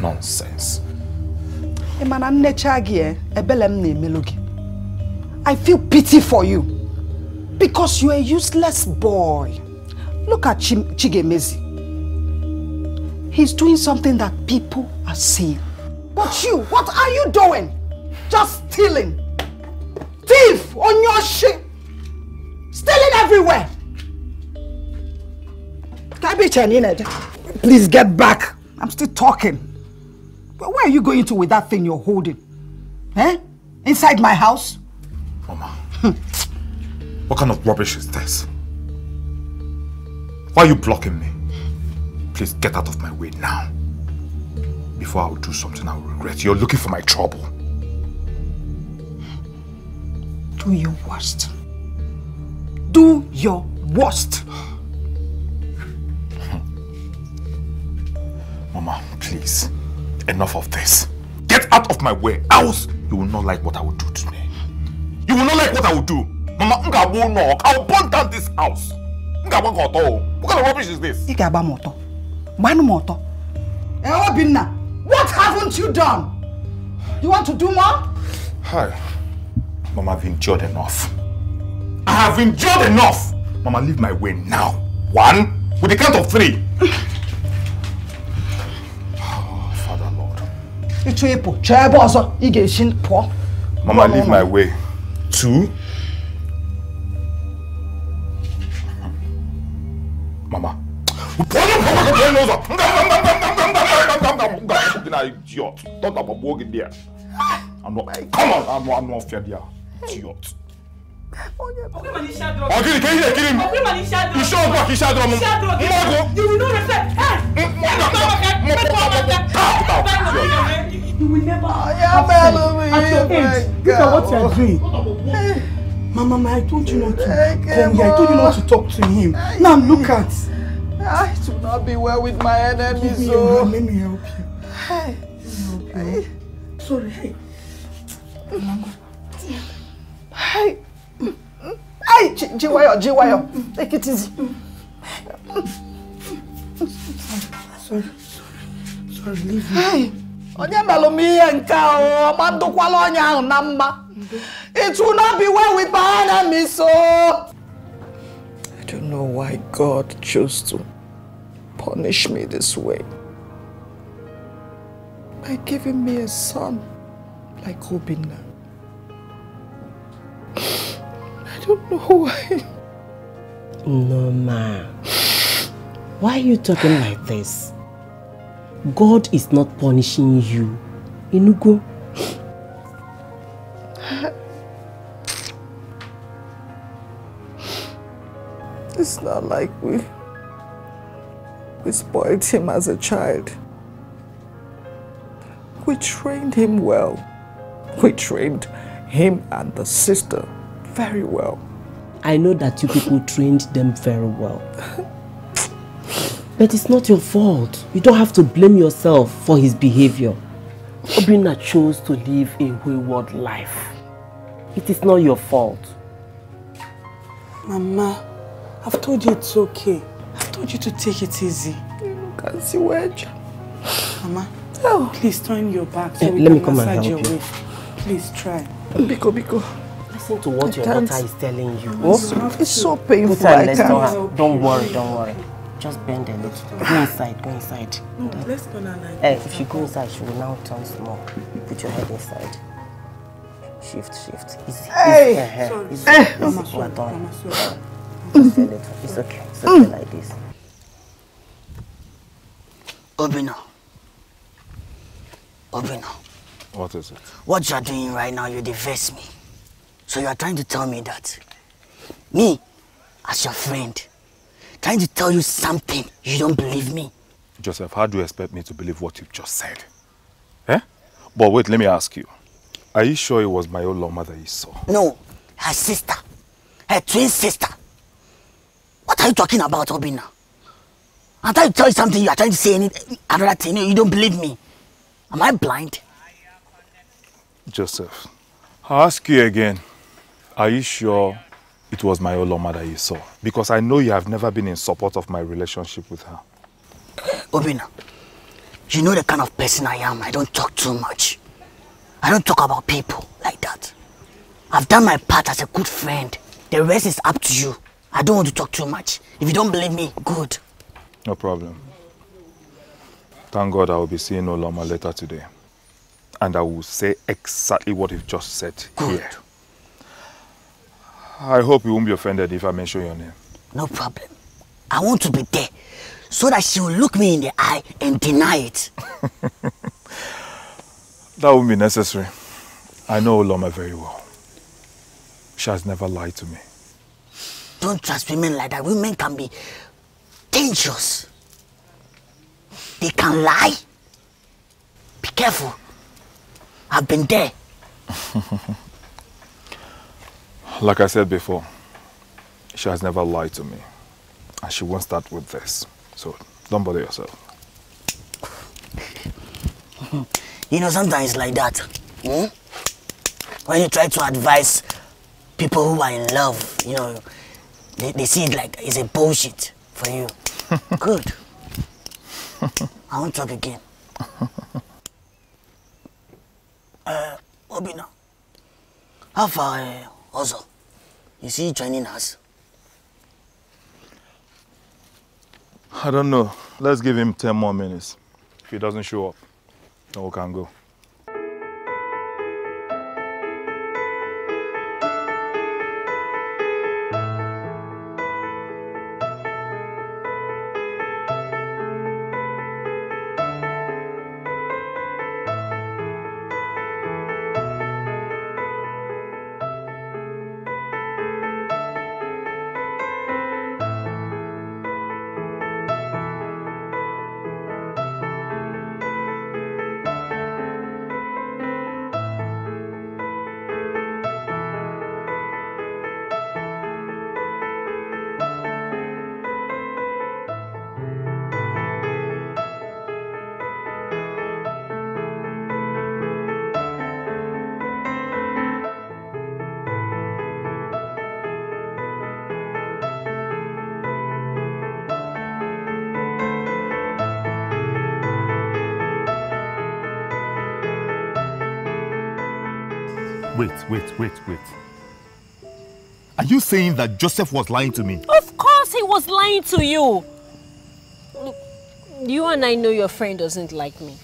Nonsense. Eh? I feel pity for you because you are a useless boy. Look at Ch Chigemezi. He's doing something that people are seeing. But you, what are you doing? Just stealing. Thief on your ship. Stealing everywhere. Cabbage and in Please get back. I'm still talking. But where are you going to with that thing you're holding? Eh? Inside my house? Mama. what kind of rubbish is this? Why are you blocking me? Please get out of my way now. Before I will do something I will regret. You're looking for my trouble. Do your worst. Do your worst. Mama, please. Enough of this. Get out of my way, else you will not like what I will do today. You will not like what I will do. Mama, I will knock. I will burn down this house. What kind of rubbish is this? Hey, eh, Obinna, what haven't you done? You want to do more? Hi. Mama, I've endured enough. I have endured enough! Mama, leave my way now. One, with the count of three. oh, Father Lord. Mama, leave my way. Two. Mama. I'm not, come on, I'm not, I'm not fear there. Idiot. Oh, kill him, can you hear? Kill him. He shot back, he shot drum. Mwago. You will not respect. Hey! Mwago. You will never have sex at your age. Look at what you are doing. Mama, Mama, I told you not to come here. I told you not to talk to him. Now look at. I should not be well with my enemies. Give me your oh. hand. Let me help you. Sorry. Hey. Mm. Hey, hey, Jiwayo, Jiwayo, take it easy. Sorry, sorry, sorry, leave me. Hey, onye melụ m ihe nke ahụ, ọma ndụkwala onye ahụ na mma. It will not be well with my enemy, so. I don't know why God chose to punish me this way. By giving me a son like Obinna. I don't know why. No, ma. Why are you talking like this? God is not punishing you. Inugo. It's not like we... We spoiled him as a child. We trained him well. We trained him and the sister very well. I know that you people trained them very well. But it's not your fault. You don't have to blame yourself for his behavior. Obina chose to live a wayward life. It is not your fault. Mama, I've told you it's okay. I've told you to take it easy. You can see where Mama, oh. please turn your back so uh, we let can me come massage and help your you. waist. Please try. Biko, Biko. Listen to what I your can't. daughter is telling you. Oh, it's, so painful. Listen, I can't. Don't worry, don't worry. Just bend a little. Go inside, go inside. No, let's go now. Like hey, eh, if she goes inside, she will now turn small. Put your head inside. Shift, shift. Easy. Hey! Easy. Hey. Eh, eh, sorry. Easy. Hey. It's Mama, sorry. Mama, sorry. Just a little. It's okay. It's okay mm. like this. Obina. Obina. What is it? What you are doing right now, you deface me. So you are trying to tell me that me, as your friend, trying to tell you something, you don't believe me. Joseph, how do you expect me to believe what you've just said? Eh? But wait, let me ask you. Are you sure it was my old law mother you saw? No, her sister. Her twin sister. What are you talking about, Obina? I'm trying to tell you something, you are trying to say anything, another thing, you don't believe me. Am I blind? Joseph, I ask you again, are you sure it was my Oloma that you saw? Because I know you have never been in support of my relationship with her. Obina, you know the kind of person I am. I don't talk too much. I don't talk about people like that. I've done my part as a good friend. The rest is up to you. I don't want to talk too much. If you don't believe me, good. No problem. Thank God I will be seeing Oloma later today and I will say exactly what you've just said Good. here. I hope you won't be offended if I mention your name. No problem. I want to be there so that she will look me in the eye and deny it. that won't be necessary. I know Oloma very well. She has never lied to me. Don't trust women like that. Women can be dangerous. They can lie. Be careful. I've been there. like I said before, she has never lied to me. And she won't start with this. So don't bother yourself. you know, sometimes it's like that. Hmm? When you try to advise people who are in love, you know, they, they see it like it's a bullshit for you. Good. I won't talk again. Uh, eh, Obina, how far uh, Ozo? Is he joining us? I don't know. Let's give him 10 more minutes. If he doesn't show up, then we can go. saying that Joseph was lying to me? Of course he was lying to you. Look, you and I know your friend doesn't like me.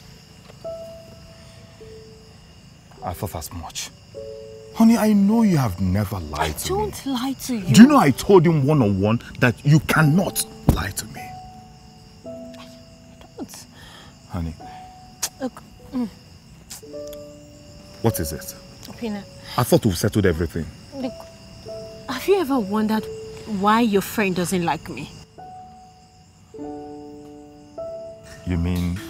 I thought as much. Honey, I know you have never lied I to me. I don't lie to you. Do you know I told him one-on-one -on -one that you cannot lie to me? I don't. Honey. Look. Mm. What is it? peanut. I thought we've settled everything. Have you ever wondered why your friend doesn't like me? You mean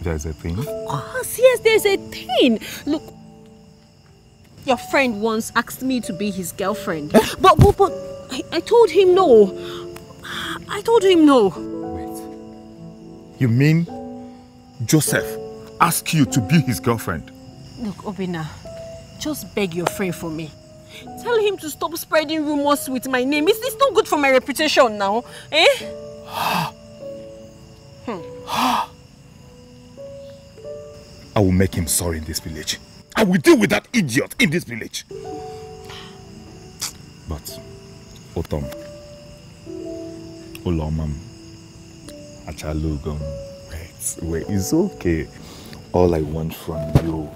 there's a thing? Of course, yes, there's a thing. Look, your friend once asked me to be his girlfriend. but, but, but I, I told him no. I told him no. Wait. You mean Joseph asked you to be his girlfriend? Look, Obina, just beg your friend for me. Tell him to stop spreading rumors with my name. It's, it's not good for my reputation now. Eh? hmm. I will make him sorry in this village. I will deal with that idiot in this village. But, Otom, Olomam, Achalugum, wait, wait, it's okay. All I want from you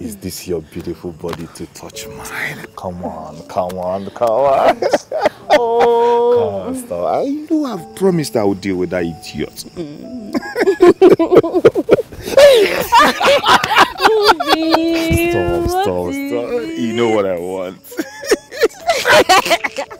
is this your beautiful body to touch mine? Come on, come on, come on. Oh. Come on, stop. I, know I've promised I would deal with that idiot. Mm. stop, stop, stop. You know what I want.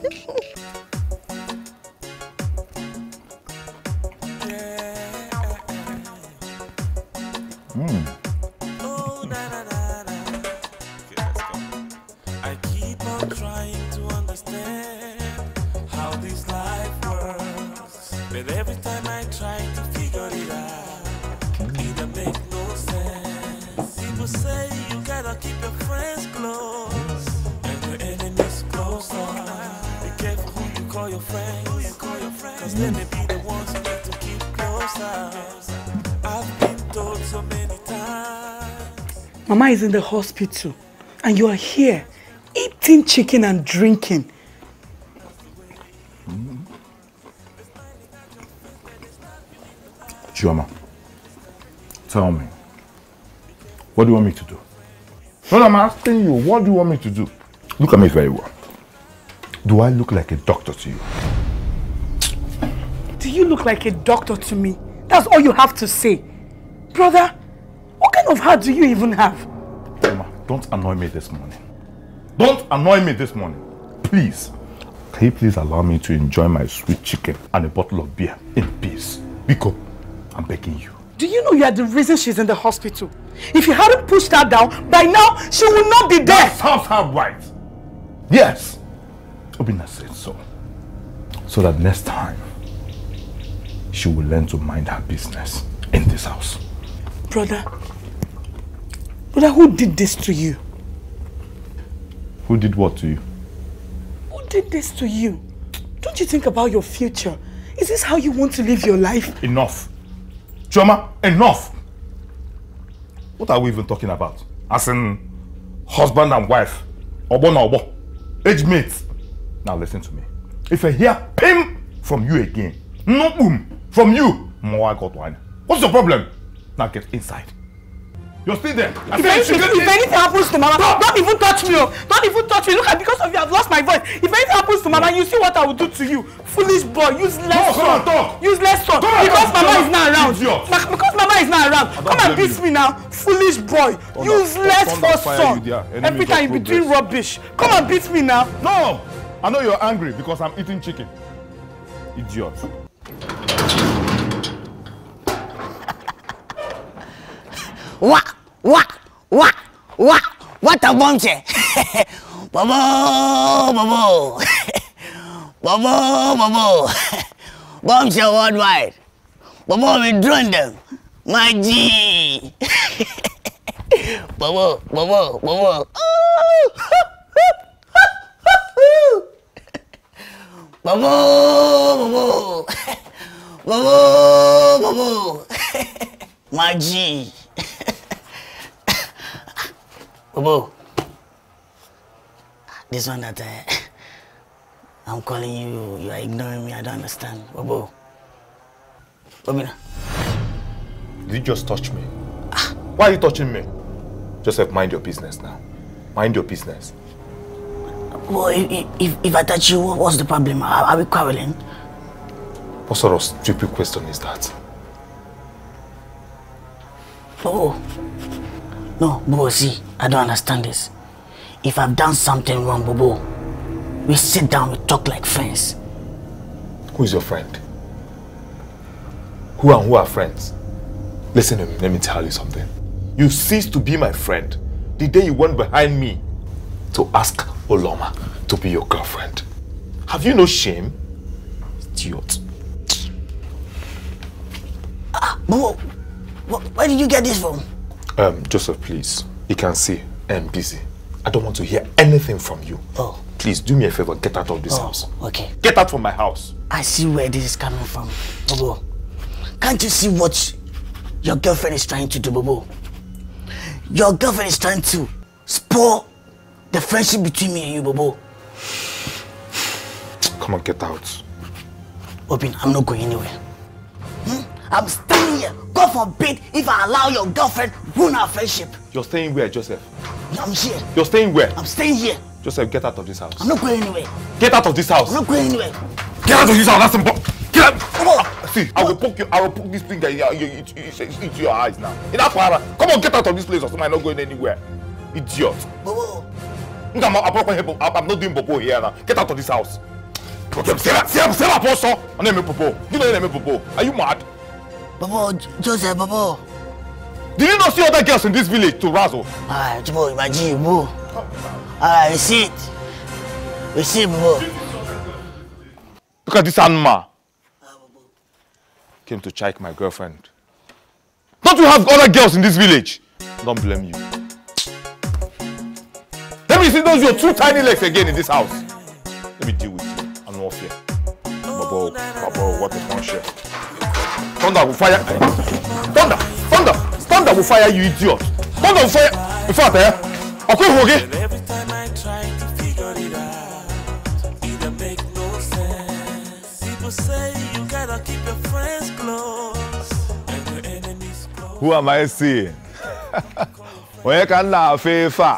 Mama is in the hospital and you are here eating chicken and drinking. Chioma, tell me, what do you want me to do? What I'm asking you, what do you want me to do? Look at me very well. Do I look like a doctor to you? Do you look like a doctor to me? That's all you have to say. Brother, what kind of heart do you even have? Don't annoy me this morning. Don't annoy me this morning. Please. Can you please allow me to enjoy my sweet chicken and a bottle of beer in peace? Biko, I'm begging you. Do you know you are the reason she's in the hospital? If you hadn't pushed her down, by now she would not be dead. That sounds her right. Yes. Obina said so. So that next time, she will learn to mind her business in this house. Brother, Brother, uh, who did this to you? Who did what to you? Who did this to you? Don't you think about your future? Is this how you want to live your life? Enough. Choma, enough! What are we even talking about? As in, husband and wife. Obo na obo. Age mates. Now listen to me. If I hear pim from you again, no boom from you, more I got wine. What's your problem? Now get inside. You're still there. if, said, if, anything happens to Mama, Stop. don't even touch me. Oh. Don't even touch me. Look at because of you, I've lost my voice. If anything happens to Mama, you see what I will do to you. Foolish boy, useless no, son. Talk. Useless son. Talk. Because Mama is not around. Ma because Mama is not around. Come and beat me now. Foolish boy, thunder, useless thunder, son. Every time you're doing rubbish. Come and beat me now. No, I know you're angry because I'm eating chicken. Idiot. 哇哇哇哇，我头帮子，宝宝宝宝，宝宝宝宝，帮子 worldwide，宝宝被撞的，妈鸡，宝宝宝宝宝宝，宝宝宝宝，宝宝宝宝，妈鸡。Bobo, this one that uh, I'm calling you, you are ignoring me, I don't understand. Bobo, Bobina. Did you just touch me? Ah. Why are you touching me? Joseph, mind your business now. Mind your business. Well, if, if, if I touch you, what's the problem? Are, are we quarreling? What sort of stupid question is that? Oh, no, Bobo, see, I don't understand this. If I've done something wrong, Bobo, we sit down, we talk like friends. Who is your friend? Who and who are friends? Listen to me, let me tell you something. You ceased to be my friend the day you went behind me to ask Oloma to be your girlfriend. Have you no shame? Idiot. Ah, Bobo, where did you get this from? Um, Joseph, please. You can see I'm busy. I don't want to hear anything from you. Oh. Please do me a favor, get out of this oh, house. Okay. Get out from my house. I see where this is coming from, Bobo. Can't you see what your girlfriend is trying to do, Bobo? Your girlfriend is trying to spoil the friendship between me and you, Bobo. Come on, get out. Obin, I'm not going anywhere. Hmm? I'm staying here. God forbid if I allow your girlfriend ruin our friendship. You're staying where, Joseph? I'm here. You're staying where? I'm staying here. Joseph, get out of this house. I'm not going anywhere. Get out of this house. I'm not going anywhere. Get out of this house. That's important. Get out. Come on. See, I will poke you. I will poke this thing into your eyes now. Enough, Farah. Come on, get out of this place. Or something. I'm not going anywhere. Idiot. Bobo. I'm, I'm not doing popo here now. Get out of this house. Okay, stay. that. Stay. that. Say that. Say that. Say that. Say that. Say that. Are you mad? Baba, Joseph, Baba. Did you not see other girls in this village to razzle? Ah, Jibo, my Jibo. Ah, you see it. You see, Baba. Look at this animal. Came to check my girlfriend. Don't you have other girls in this village? Don't blame you. Let me see those your two tiny legs again in this house. Let me deal with you. I'm not here, Babo, Babo, what a friendship. Thunder will fire. Thunder, thunder, thunder will fire you idiot. Thunder will fire. In fact, eh? Okay, okay. I try to Who am I seeing? Where can I favor?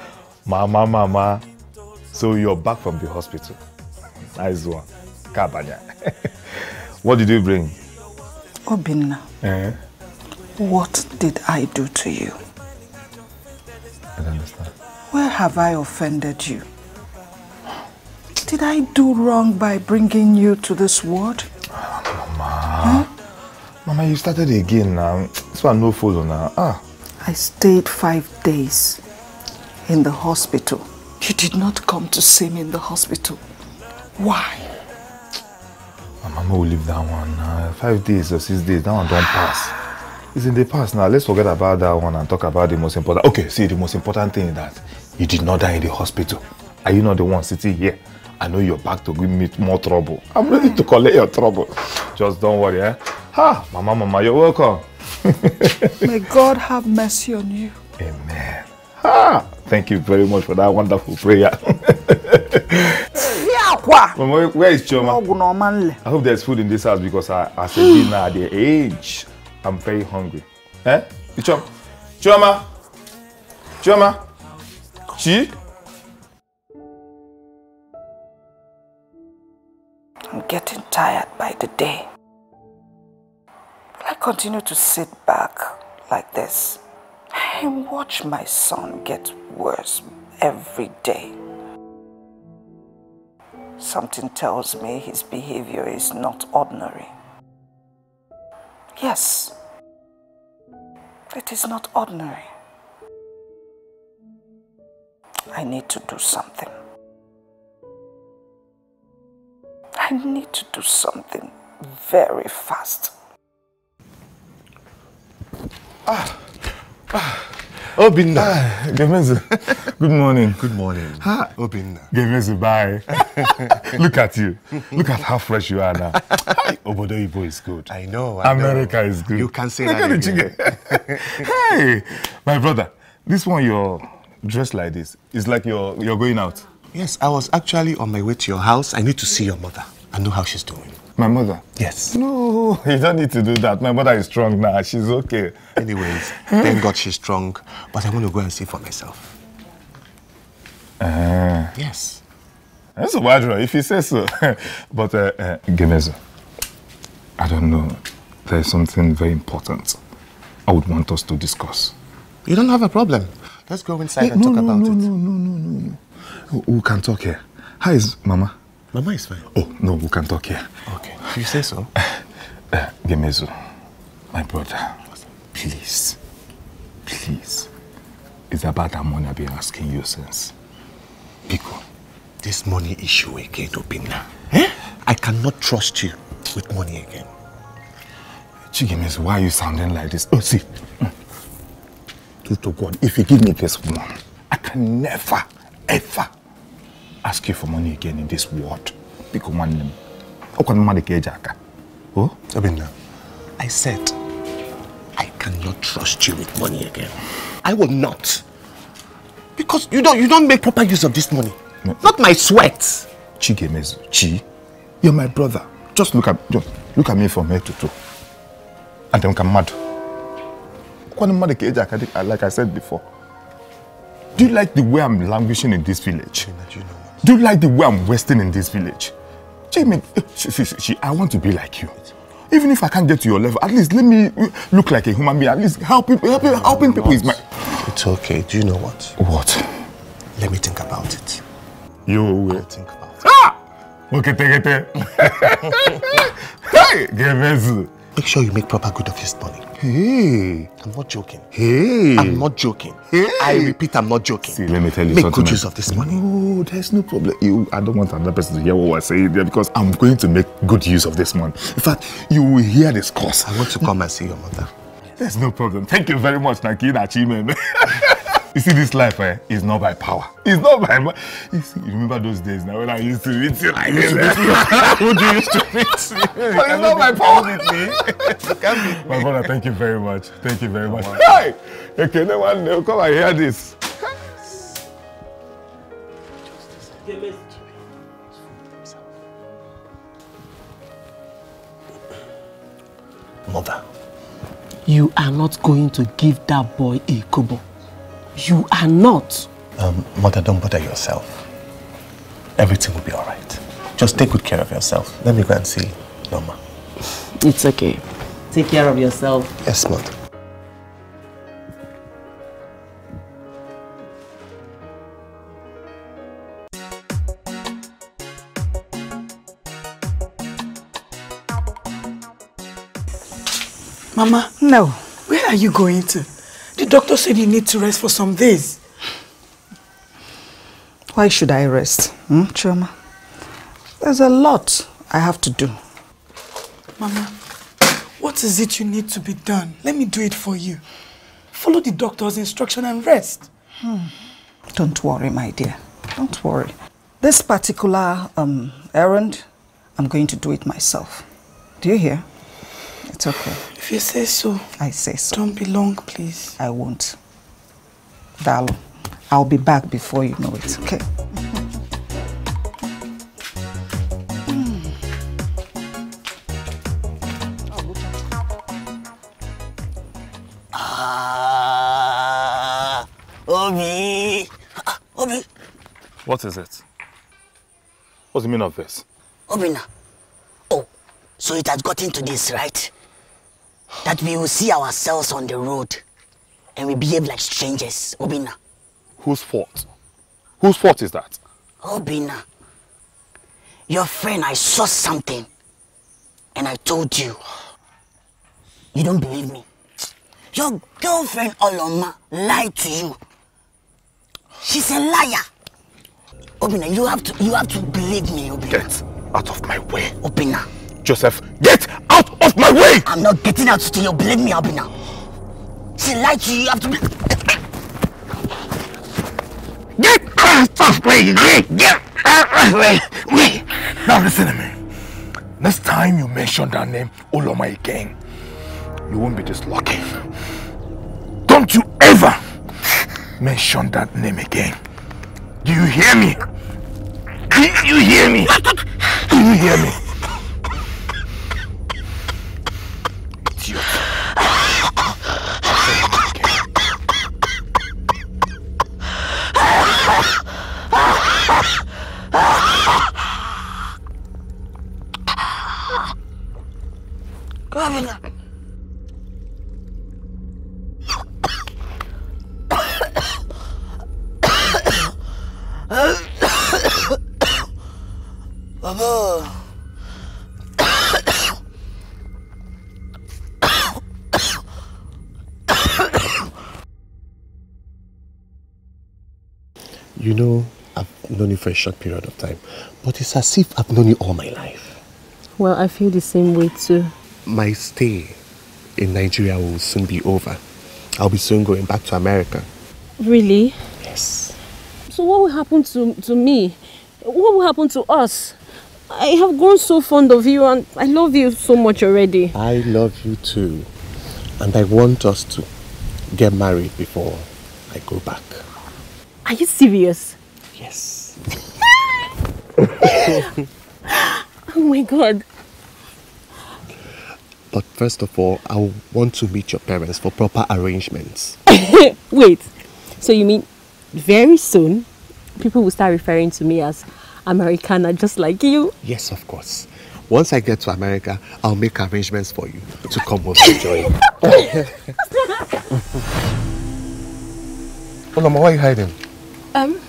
Mama, mama. So you're back from the hospital. Nice one. kabanya. What did you bring? Obinna, eh? what did I do to you? I don't understand. Where have I offended you? Did I do wrong by bringing you to this world? Mama. Huh? Mama, you started again now. This one no follow now. Ah. I stayed five days in the hospital. You did not come to see me in the hospital. Why? My ah, mama will leave that one. Uh, five days or six days, that one don't pass. It's in the past now. Let's forget about that one and talk about the most important. Okay, see, the most important thing is that you did not die in the hospital. Are you not the one sitting here? I know you're back to give me more trouble. I'm ready to collect your trouble. Just don't worry, eh? Ha! Mama, mama, you're welcome. May God have mercy on you. Amen. Ha! Thank you very much for that wonderful prayer. where is Choma? I hope there's food in this house because I, as a dinner at their age, I'm very hungry. Eh? Choma, Choma, Chioma? Chi? I'm getting tired by the day. Will I continue to sit back like this and watch my son get worse every day? Something tells me his behavior is not ordinary. Yes, it is not ordinary. I need to do something. I need to do something very fast. Ah, ah. Obinna. Ah, Gemezu. Good morning. Good morning. Ah, Obinna. Gemezu, bye. Look at you. Look at how fresh you are now. Obodo Ibo is good. I know. I America know. is good. You can say Look that. Again. hey, my brother, this one you're dressed like this. It's like you're, you're going out. Yes, I was actually on my way to your house. I need to see your mother. I know how she's doing. My mother? Yes. No, you don't need to do that. My mother is strong now. She's okay. Anyways, thank God she's strong. But I want to go and see for myself. Uh, yes. That's a bad if you say so. but, uh, uh, I don't know. There's something very important I would want us to discuss. You don't have a problem. Let's go inside hey, and no, talk no, about no, it. No, no, no, no, no. We can talk here. How is Mama? Mama is fine. Oh, no, we can talk here. Okay. You say so? Uh, uh, Gemezu, my brother, please, please. It's about that money I've been asking you since. Pico, this money issue again, Obina. Eh? I cannot trust you with money again. Chigemez, why are you sounding like this? Oh, see. Hmm. To, to God, if you give me this one, I can never, ever ask you for money again in this world. Because nwanne m. Ọ kwa mmadụ ka eji aka. Oh? I said I cannot trust you with money again. I will not. Because you don't you don't make proper use of this money. No. Not my sweat. Chi Chigemezu, Chi, you're my brother. Just look at just look at me from head to toe. And then come mad. Like I said before. Do you like the way I'm languishing in this village? You know. Do you like the way I'm wasting in this village? Jamie, eh, she, she, she, I want to be like you. Even if I can't get to your level, at least let me look like a human being. At least help people, help, helping, people is my... It's okay. Do you know what? What? Let me think about it. You will. think about it. Ah! Okay, take it. Hey, give me Make sure you make proper good of this money. Hey. I'm not joking. Hey. I'm not joking. Hey. I repeat, I'm not joking. See, let me tell you Make something. good eh? use of this money. No, there's no problem. You, I don't want another person to hear what we're saying there because I'm going to make good use of this money. In fact, you will hear this course. I want to come and see your mother. There's no problem. Thank you very much, Nakina Chimeme. You see, this life eh, is not by power. It's not by my... You, see, you remember those days now when I used to beat you like this? Eh? do you used to beat me? But it's not by power. With me. my brother, thank you very much. Thank you very much. Hey! Okay, no one will come and hear this. Mother. You are not going to give that boy a kobo. You are not. Um, mother, don't bother yourself. Everything will be all right. Just take good care of yourself. Let me go and see Norma. It's okay. Take care of yourself. Yes, mother. Mama. No. Where are you going to? doctor said you need to rest for some days. Why should I rest, hmm, Choma? There's a lot I have to do. Mama, what is it you need to be done? Let me do it for you. Follow the doctor's instruction and rest. Hmm. Don't worry, my dear. Don't worry. This particular um, errand, I'm going to do it myself. Do you hear? It's okay. If you say so. I say so. Don't be long, please. I won't. Darling, I'll be back before you know it, okay? Hmm. Ah, ah, what is it? What's the meaning of this? Obina. Oh, so it has gotten to this, right? that we will see ourselves on the road and we behave like strangers, Obina. Whose fault? Whose fault is that? Obina, your friend, I saw something and I told you. You don't believe me. Your girlfriend, Oloma, lied to you. She's a liar. Obina, you have to, you have to believe me, Obina. Get out of my way. Obina. Joseph, get out off my way! I'm not getting out to you. Oh, believe me, Abina. She lied to you. You have to be... Get out of way. Get out of Way. Now listen to me. Next time you mention that name, Oloma again, you won't be this lucky. Don't you ever mention that name again. Do you hear me? Do you hear me? Do you hear me? 주시옵소 아버. You know, I've known you for a short period of time, but it's as if I've known you all my life. Well, I feel the same way too. My stay in Nigeria will soon be over. I'll be soon going back to America. Really? Yes. So what will happen to, to me? What will happen to us? I have grown so fond of you and I love you so much already. I love you too. And I want us to get married before I go back. Are you serious? Yes. oh my god. But first of all, I want to meet your parents for proper arrangements. Wait, so you mean very soon people will start referring to me as Americana just like you? Yes, of course. Once I get to America, I'll make arrangements for you to come over to join. Olama, oh, why are you hiding? Um,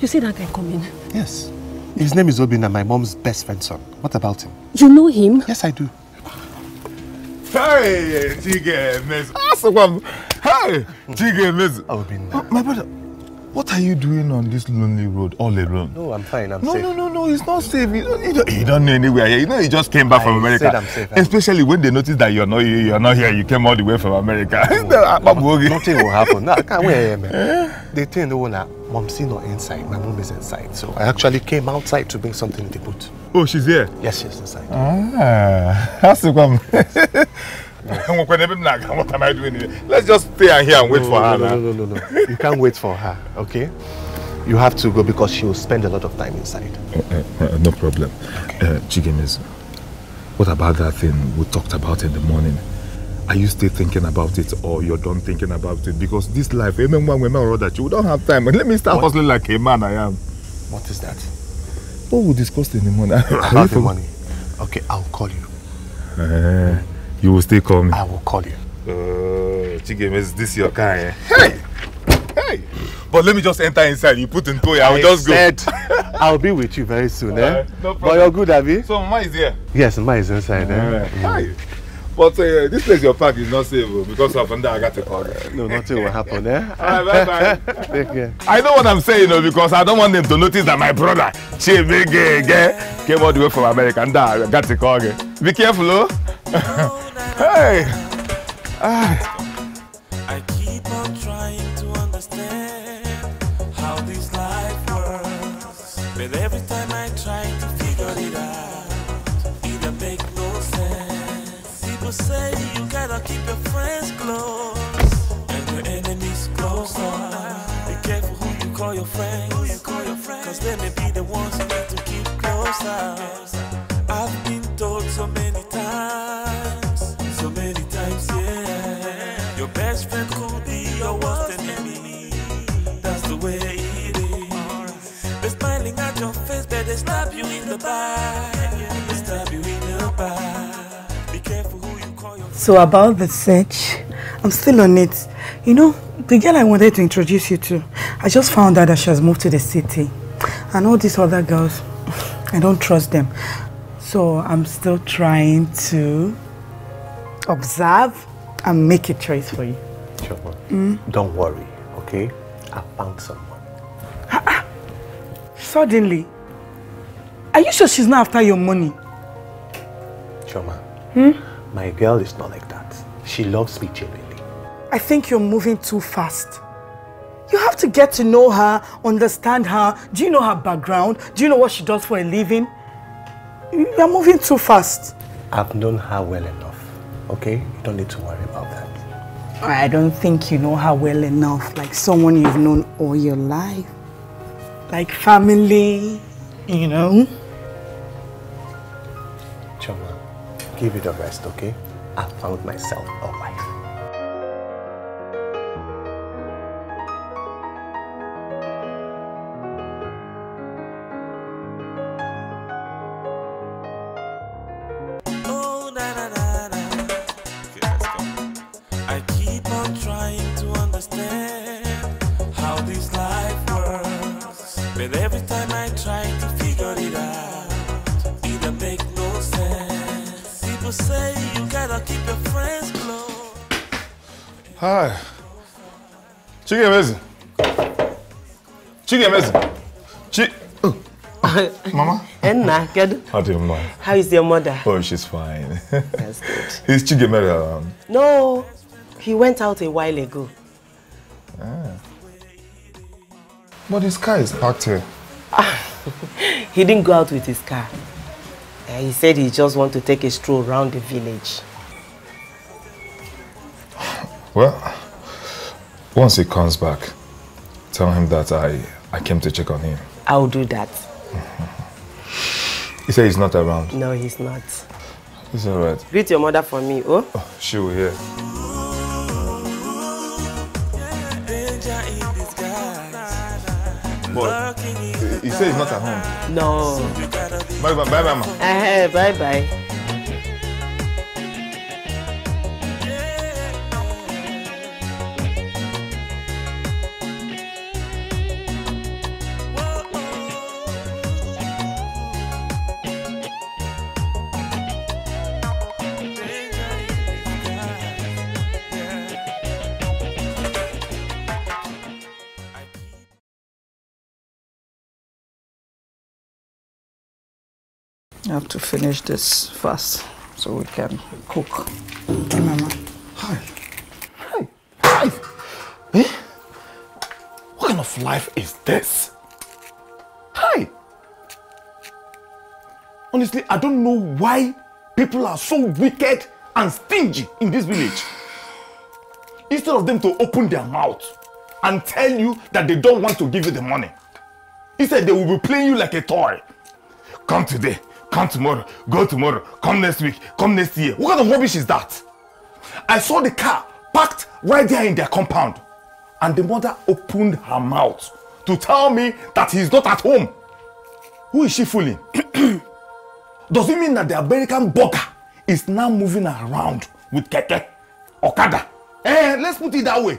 you see that guy coming? Yes. His name is Obina, my mom's best friend's son. What about him? You know him? Yes, I do. Hey, Chige Mezu. Hey, Chige Mezu. Obina. my brother. What are you doing on this lonely road all alone? No, I'm fine. I'm no, safe. No, no, no, no. It's not safe. You don't, you don't, you don't know anywhere here. You know, you just came back I from America. Said I'm safe. Especially I'm... when they notice that you're not here. You're not here. You came all the way from America. No, ah, no, nothing will happen. No, I can't wait here, eh, man. Eh? They tell the one that mom's not inside. My mom is inside. So I actually came outside to bring something in the boot. Oh, she's here? Yes, she's inside. Ah, that's the problem. what am I doing here? Let's just stay here and wait no, for her. No, no, no, no, no. you can't wait for her, okay? You have to go because she will spend a lot of time inside. Uh, uh, no problem. Okay. Uh, Chigemis, what about that thing we talked about in the morning? Are you still thinking about it or you're done thinking about it? Because this life, women, woman, or that you don't have time. Let me start what? hustling like a man I am. What is that? What we discussed in the morning. about the money. Okay, I'll call you. Uh, You will still call me. I will call you. Uh, Chigame, is this your car? Eh? Hey! Hey! But let me just enter inside. You put in toy, I will I just said, go. I'll be with you very soon, uh, No problem. But you're good, Abby. So, Mama is here? Yes, Mama is inside, eh? Right. Hi! But uh, this place, your park, is not safe oh, because of under Agate call. Uh, no, nothing will happen, eh? Ah, bye bye. Take care. I know what I'm saying, though, because I don't want them to notice that my brother, Chibige, came all the way from America under Agate Park. Be careful, oh. hey. Ah. So about the search, I'm still on it. You know, the girl I wanted to introduce you to, I just found out that she has moved to the city. And all these other girls, I don't trust them. So I'm still trying to observe and make a choice for you. Sure. Mm? Don't worry, okay? I found someone. Ha -ha. Suddenly? Are you sure she's not after your money? Choma. Hmm? My girl is not like that. She loves me genuinely. I think you're moving too fast. You have to get to know her, understand her. Do you know her background? Do you know what she does for a living? You're moving too fast. I've known her well enough, okay? You don't need to worry about that. I don't think you know her well enough, like someone you've known all your life. Like family, you know? Give it a rest, okay? I found myself a wife. Hi. Mama? And naked. How do you know? How is your mother? Oh, she's fine. That's good. Is Chige married around? No, he went out a while ago. Ah. But his car is parked here. he didn't go out with his car. Uh, he said he just wanted to take a stroll around the village. Well, once he comes back, tell him that I, I came to check on him. I'll do that. Mm-hmm. he said he's not around. No, he's not. It's all right. Greet your mother for me, oh? oh she will hear. But he said he's not at home. No. Bye-bye, bye-bye, ma. Uh, uh-huh, bye-bye. to finish this fast so we can cook. Hey, Mama. Hi. Hi. Hi. Eh? What kind of life is this? Hi. Honestly, I don't know why people are so wicked and stingy in this village. Instead of them to open their mouth and tell you that they don't want to give you the money, instead they will be playing you like a toy. Come today, come tomorrow, go tomorrow, come next week, come next year. What kind of rubbish is that? I saw the car parked right there in their compound. And the mother opened her mouth to tell me that he's not at home. Who is she fooling? Does it mean that the American burger is now moving around with keke, okada? Eh, let's put it that way.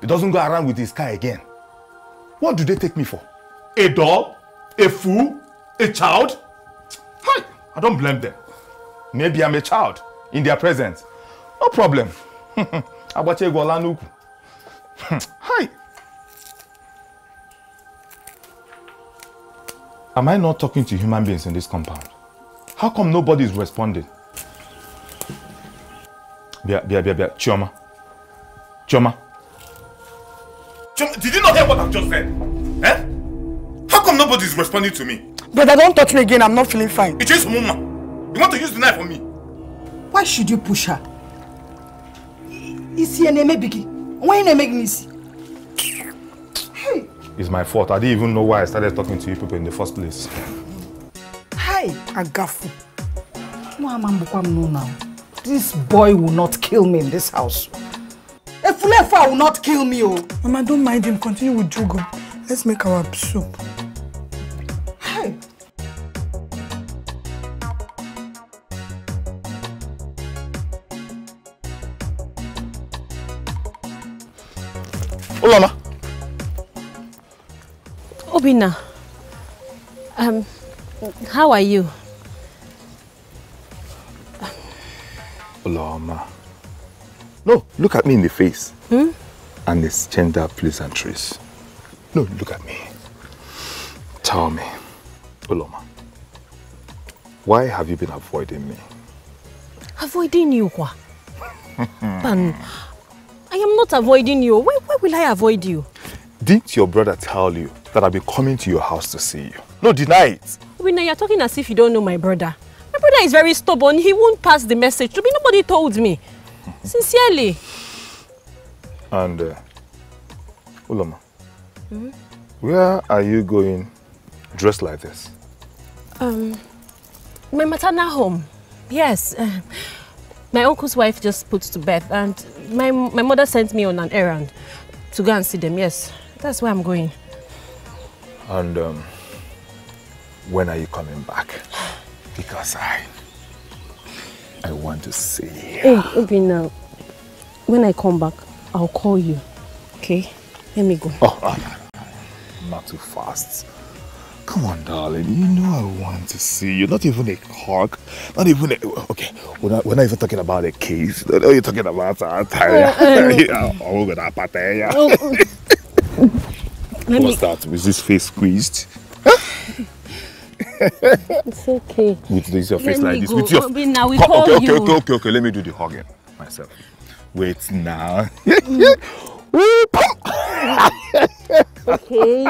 He doesn't go around with his car again. What do they take me for? A dog? A fool? A child? Hi, I don't blame them. Maybe I'm a child in their presence. No problem. Agbache Gwola Nuku. Hi. Am I not talking to human beings in this compound? How come nobody is responding? Bia, Bia, Bia, Bia, Chioma. Chioma. Chioma, did you not hear what I've just said? How come is responding to me? Brother, don't touch me again. I'm not feeling fine. It is Mumma. You want to use the knife on me? Why should you push her? Is Isi ene mebigi. Why ene megnisi? Hey. It's my fault. I didn't even know why I started talking to you people in the first place. Hi, Agafu. now. This boy will not kill me in this house. A Efulefa will not kill me, oh. Mama, don't mind him. Continue with Jugo. Let's make our soup. Ọlụọma. Obina. um, how are you? Oloma. No, look at me in the face. Hmm? And exchange that pleasantries. No, look at me. Tell me, Oloma, why have you been avoiding me? Avoiding you, what? I am not avoiding you. Why, why will I avoid you? Didn't your brother tell you that i will be coming to your house to see you? No, deny it. Wina, you're talking as if you don't know my brother. My brother is very stubborn. He won't pass the message to me. Nobody told me. Sincerely. And, uh, Ulama, hmm? where are you going dressed like this? Um, my maternal home. Yes. Uh, my uncle's wife just put to bed, and my, my mother sent me on an errand to go and see them. Yes, that's where I'm going. And um, when are you coming back? Because I, I want to see you. Hey, Obina, when I come back, I'll call you. Okay? Let me go. Oh, not too fast. Come on, darling. You know I want to see you. Not even a cock. Not even a. Okay, we're not, we're not even talking about a case. No, you're talking about a Antalya. Oh, a Apataya. What's that? Is this face squeezed? it's okay. With this, your face let like this. With your. Robin, oh, now we oh, call okay, okay, you. okay, okay, okay. Let me do the hugging myself. Wait now. Mm. okay.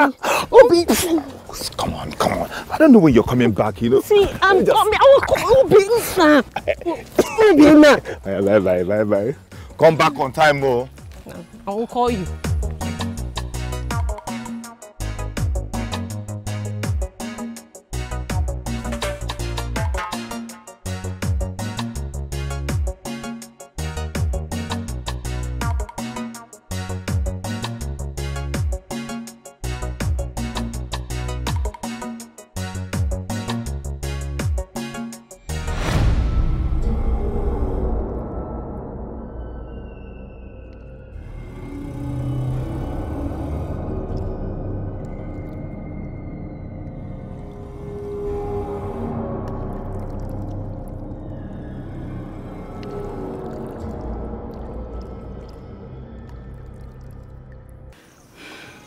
Obi. Oh, Come on, come on. I don't know when you're coming back, you know. See, I'm just... coming. I will call you, Bina. Bye, bye, bye, bye. Come back on time, Mo. Oh. I will call you.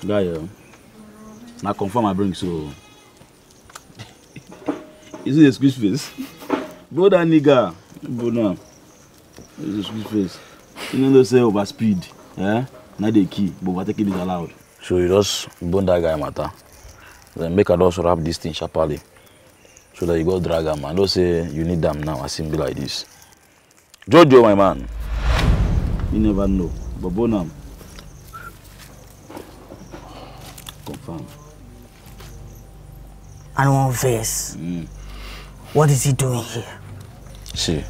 guy um, na confirm i bring so Is it a squeeze face brother? that nigga bro now you see the squeeze face you know say over speed yeah? na the key but taking is allowed. so you just bone that guy matter then make i just wrap this thing sharply so that you go drag him, i Don't say you need them now as him like this jojo my man. you never know but bone am. Confirm. And one verse. Mm. What is he doing here? See,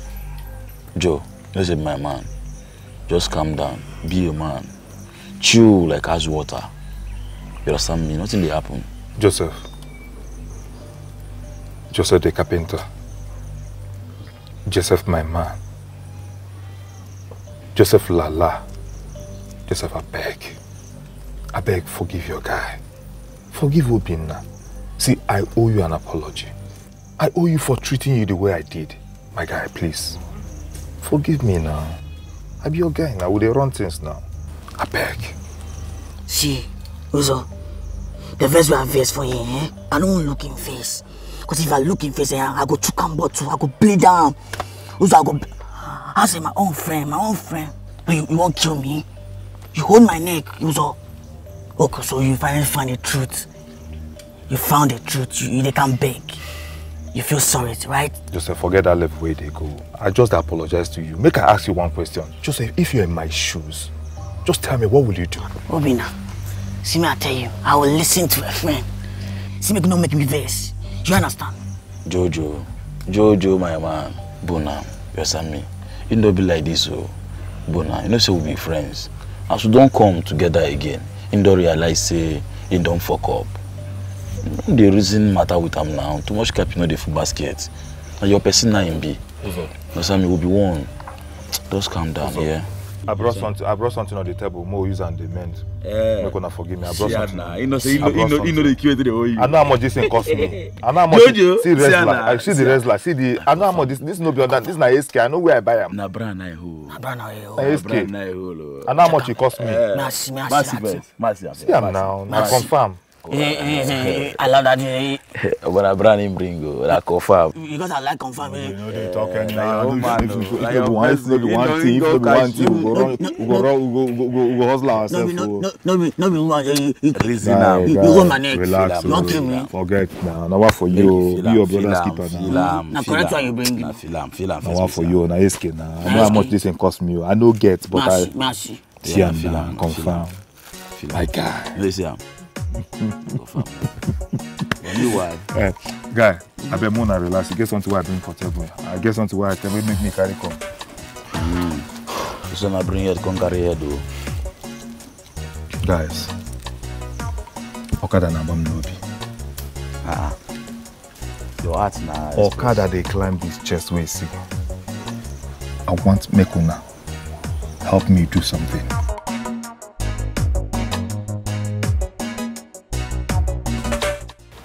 Joe, this is my man. Just calm down. Be a man. chew like as water. You understand me? Nothing will happen. Joseph. Joseph the carpenter. Joseph my man. Joseph Lala. Joseph, I beg. I beg, forgive your guy. Forgive Obinna. See, I owe you an apology. I owe you for treating you the way I did. My guy, please. Forgive me now. I be your guy now. Will they run things now? I beg. See, Uzo. The verse one I for you, eh? I don't look in face. Because if I look in face, eh, I go choke and to, I go bleed down. Uzo, I go... I say my own friend, my own friend. You, you won't kill me. You hold my neck, Uzo. Okay, oh, so you finally found the truth. You found the truth. You, you can beg. You feel sorry, right? Joseph, forget that left way they go. I just apologize to you. Make I ask you one question. Joseph, if you're in my shoes, just tell me, what will you do? Obina, see me, I tell you, I will listen to a friend. See me, don't make me vex. you understand? Jojo, Jojo, my man, Bona, yes, I mean, you don't be like this, oh. Bona, you know, so we'll be friends. As we don't come together again, him don realize say him don fok up no dey reason matter with am now too much cap no dey full basket na your person na him be understand me we be one just calm down yeah. I brought something. I brought something on the table. More use and demand. Yeah. Make una forgive me. I brought something. you know, you know, you know, you know the QA I know how much this thing cost me. I know how much. Jojo, see wrestler. I see the wrestler. See the. I know how much this. This no be under. This na SK. I know where I buy them. Na brand na e ho. Na brand na e ho. Na SK. Na e ho. Oh. I know how much it cost me. Na si, na si, na si. See am now. confirm. Eh, eh, eh, I love that drink. But I brand him bring go. I confirm. Because I like confirm. You know they talk anyhow. Like your man. If you want team, if you want team, we go run, we go run, we go go go hustle ourselves. No be oh. no be no be woman. Reason now. You go my neck. Relax. Don't kill me. Forget now. Now what for you. Be your brother's keeper na. Now correct what you bring. Now feel am, Now what for you. Now ask now. I know how much this thing cost me. I no get, but I. See am, confirm. My guy. Let's see Go farm. Hey, eh, guy, I bet more than relax. You get something why I bring for table. I get something why I tell make me carry come. Mm. You say I bring head, come carry head, though. Guys, Okada na bam no be. Ah. Your heart na. Okada they climb this chest wey e see. I want make una help me do something.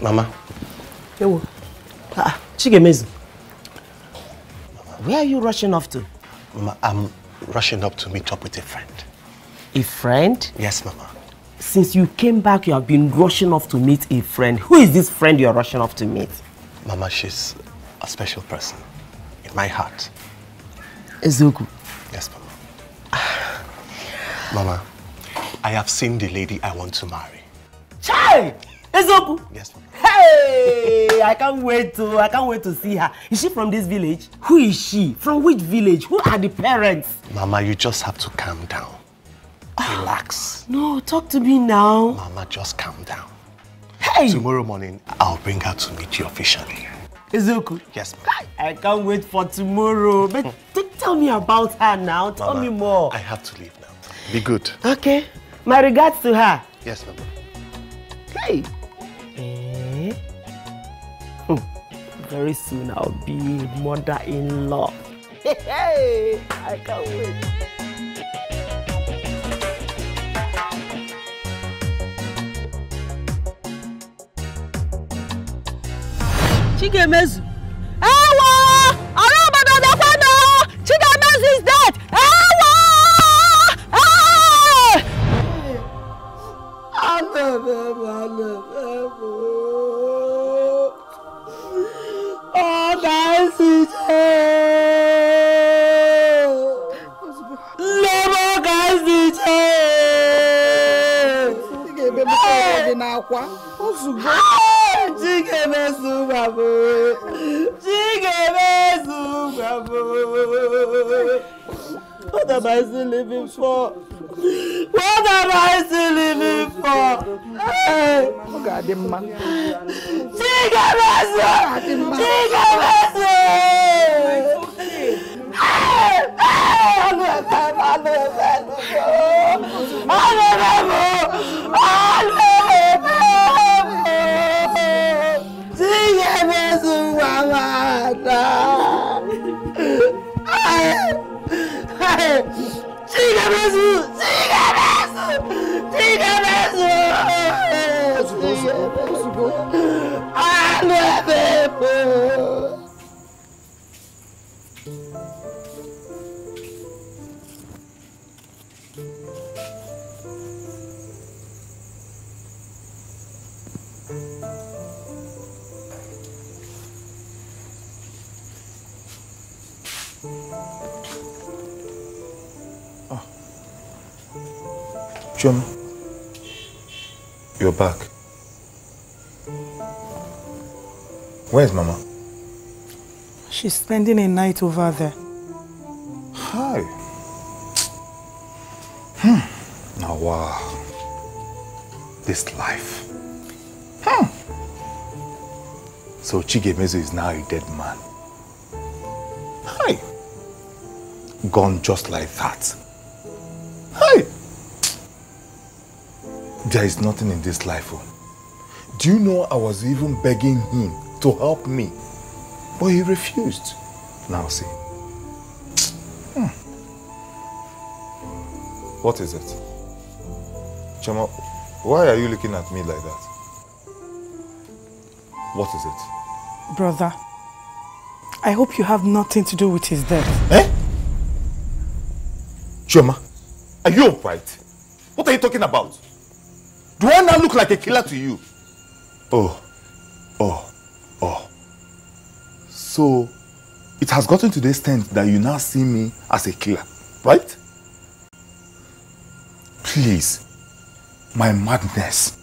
Mama. Ewo. Ah, Chigemezi. Where are you rushing off to? Mama, I'm rushing up to meet up with a friend. A friend? Yes, Mama. Since you came back, you have been rushing off to meet a friend. Who is this friend you are rushing off to meet? Mama, she's a special person in my heart. Ezogu. Yes, Mama. Mama, I have seen the lady I want to marry. Child! Ezoku. Yes, ma'am. Hey, I can't wait to I can't wait to see her. Is she from this village? Who is she? From which village? Who are the parents? Mama, you just have to calm down. Ah, Relax. No, talk to me now. Mama, just calm down. Hey. Tomorrow morning, I'll bring her to meet you officially. Ezoku, Yes, ma'am. I can't wait for tomorrow. But tell me about her now. Tell Mama, me more. I have to leave now. Be good. Okay. My regards to her. Yes, ma'am. Hey. Eh? Hmm. Very soon I'll be mother-in-law. Hey, I can't wait. Chigemezu. Ewo! Ará Obadan Dapano! Chigemezu is dead! Ewo! Alẹ́fẹ́ balẹ̀fẹ́ bò ó. Ọ̀dà ẹ̀sì jẹ́. Lọ́mọ ka ẹ̀sì jẹ́. Chigebe m kọrọ gị n'akwa. Ozugbo. Chigebe am I still living for? What am I still living for? Hey! Ogadimma. Chigameso! Chigameso! Hey! Hey! Ọlọ́ọ̀fẹ́ Diga-me isso! Diga-me isso! you're back. Where's Mama? She's spending a night over there. Hi. Hmm. Now, wow. This life. Hmm. So Chigemezu is now a dead man. Hi. Gone just like that. Hi. There is nothing in this life. Oh. Do you know I was even begging him to help me? But he refused. Now see. Hmm. What is it? Chama, why are you looking at me like that? What is it? Brother, I hope you have nothing to do with his death. Eh? Choma, are you alright? What are you talking about? Do I now look like a killer to you? Oh, oh, oh. So, it has gotten to the extent that you now see me as a killer, right? Please, my madness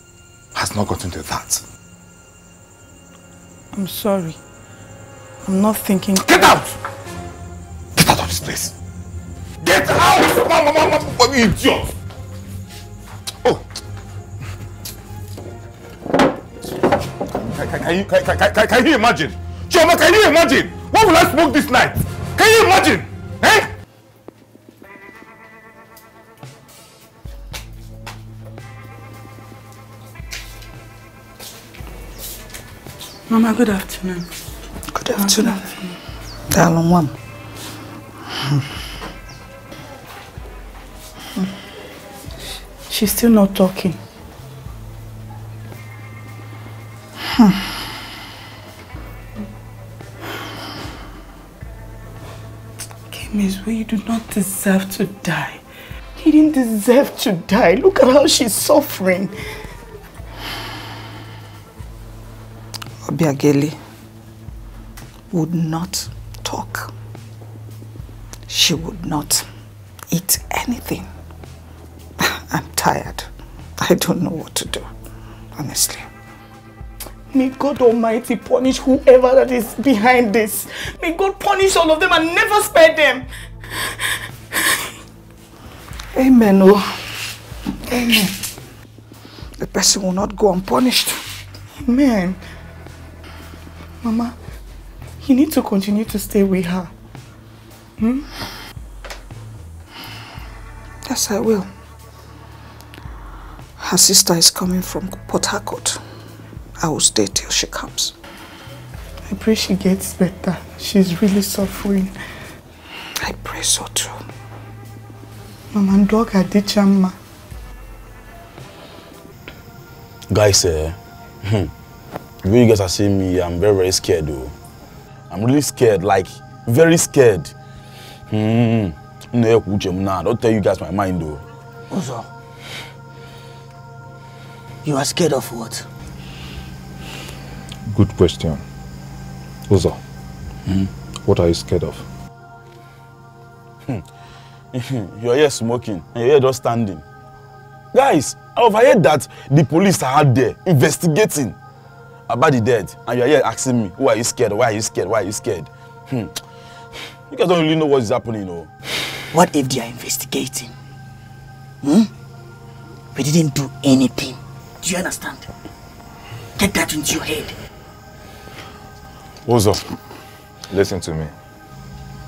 has not gotten to that. I'm sorry. I'm not thinking. Get out! Get out of this place! Get out! Mama, mama, mama, idiot! Can, can, can, you, can, can, can, can you imagine? Chioma, can you imagine? What will I smoke this night? Can you imagine? Eh? Mama, good afternoon. Good afternoon. Darling, one. She's still not talking. Hmm. Kimis, you do not deserve to die. He didn't deserve to die. Look at how she's suffering. Obiageli would not talk. She would not eat anything. I'm tired. I don't know what to do, honestly. May God Almighty punish whoever that is behind this. May God punish all of them and never spare them. Amen. Oh. Amen. The person will not go unpunished. Amen. Mama, you need to continue to stay with her. Hmm? Yes, I will. Her sister is coming from Port Harcourt. I will stay till she comes. I pray she gets better. She's really suffering. I pray so too. Mama and dog did, chama. Guys, eh, the hmm, way you guys are seeing me, I'm very, very scared though. I'm really scared, like, very scared. Hmm. Don't tell you guys my mind though. Uzo, you are scared of what? good question. Uzo, hmm? what are you scared of? Hmm. You're here smoking and you're here just standing. Guys, I've heard that the police are out there investigating about the dead and you're here asking me, who are you scared? Why are you scared? Why are you scared? Hmm. You guys don't really know what is happening, you What if they are investigating? Hmm? We didn't do anything. Do you understand? Get that into your head. Ozo, listen to me.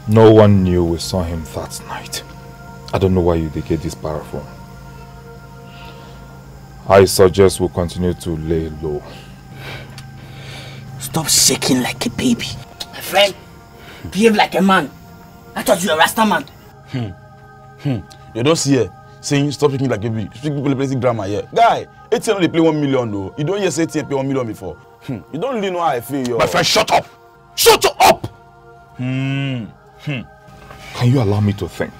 No one knew we saw him that night. I don't know why you get this para I suggest we continue to lay low. Stop shaking like a baby. My friend, behave like a man. I thought you were a Rasta man. Hmm. Hmm. You don't see it. Saying stop shaking like a baby. Speaking people basic grammar here. Guy, ATM only play one million though. You don't hear say ATM play one million before. You don't really know how I feel, yo. My friend, shut up! Shut up! Hmm. Hmm. Can you allow me to think?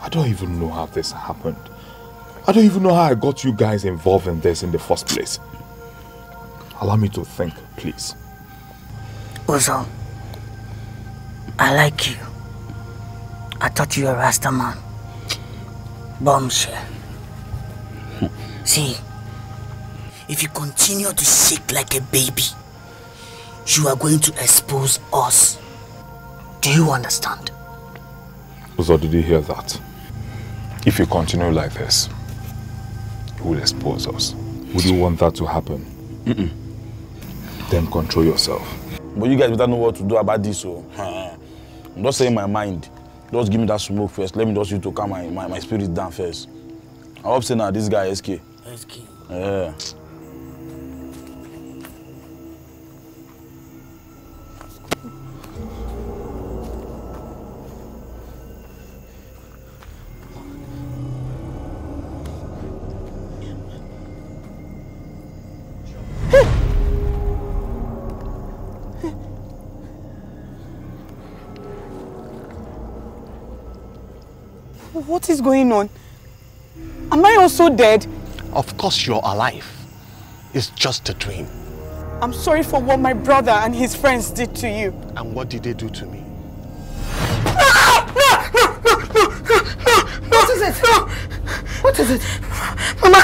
I don't even know how this happened. I don't even know how I got you guys involved in this in the first place. Allow me to think, please. Ozo, I like you. I thought you were a Rasta man. Bombshell. Hmm. See, if you continue to sit like a baby, you are going to expose us. Do you understand? So did you hear that? If you continue like this, you will expose us. Would you want that to happen? Mm -mm. Then control yourself. But you guys better know what to do about this. Oh. So. I'm just saying my mind. Just give me that smoke first. Let me just you to calm my, my, my spirit down first. I hope say now this guy SK. SK. Yeah. is going on? Am I also dead? Of course you're alive. It's just a dream. I'm sorry for what my brother and his friends did to you. And what did they do to me? No! No! No! No! No! No! no what is it? No! What is it? Mama!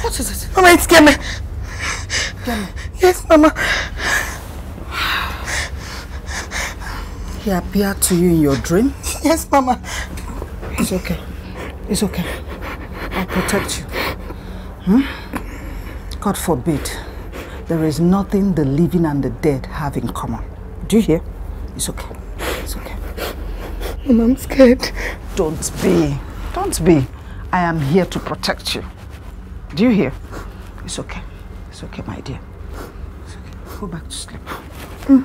What is it? Mama, it's Gemma. Gemma, Yes, Mama. He appeared to you in your dream? Yes, Mama. It's okay. It's okay. I'll protect you. Hmm? God forbid. There is nothing the living and the dead have in common. Do you hear? It's okay. It's okay. Mom, I'm scared. Don't be. Don't be. I am here to protect you. Do you hear? It's okay. It's okay, my dear. It's okay. Go back to sleep. Mm.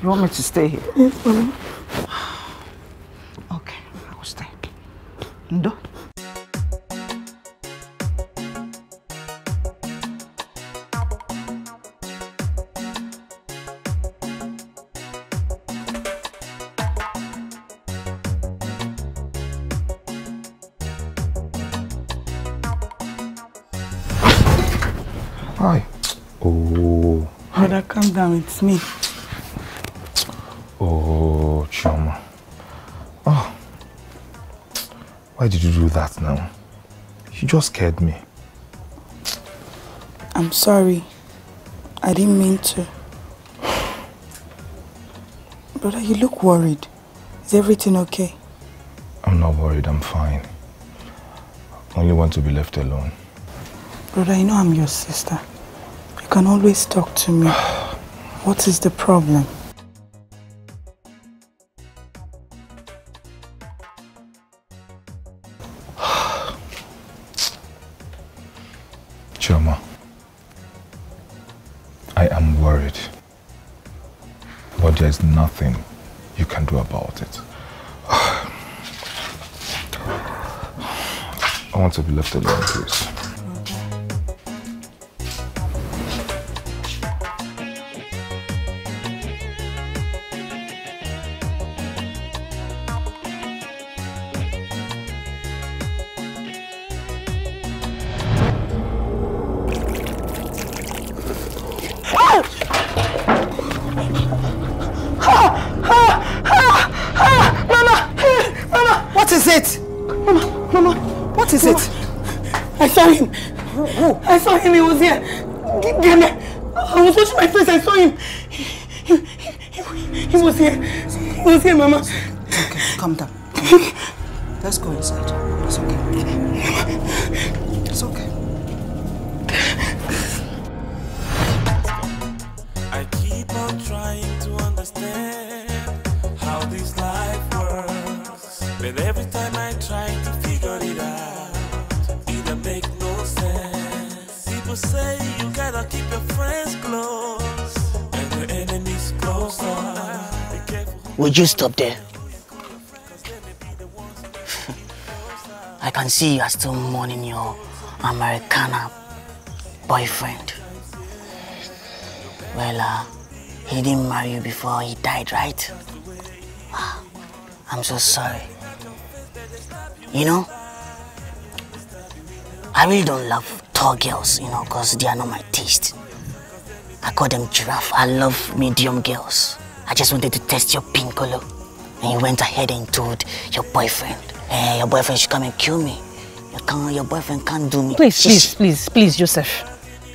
You want me to stay here? Yes, Mama. ndo Hi. Oh. Brother, calm down. It's me. Why did you do that now? You just scared me. I'm sorry. I didn't mean to. Brother, you look worried. Is everything okay? I'm not worried. I'm fine. I only want to be left alone. Brother, you know I'm your sister. You can always talk to me. what is the problem? to be left alone, please. you stop there? I can see you are still mourning your Americana boyfriend. Well, uh, he didn't marry you before he died, right? I'm so sorry. You know, I really don't love tall girls, you know, because they are not my taste. I call them giraffe. I love medium girls. I just wanted to test your pinkolo. And you went ahead and told your boyfriend. Hey, eh, your boyfriend should come and kill me. You can't, your boyfriend can't do me. Please, please, please, please, Joseph.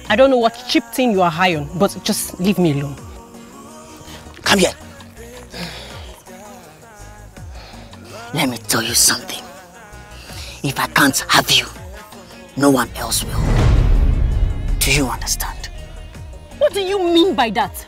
I don't know what cheap thing you are high on, but just leave me alone. Come here. Let me tell you something. If I can't have you, no one else will. Do you understand? What do you mean by that?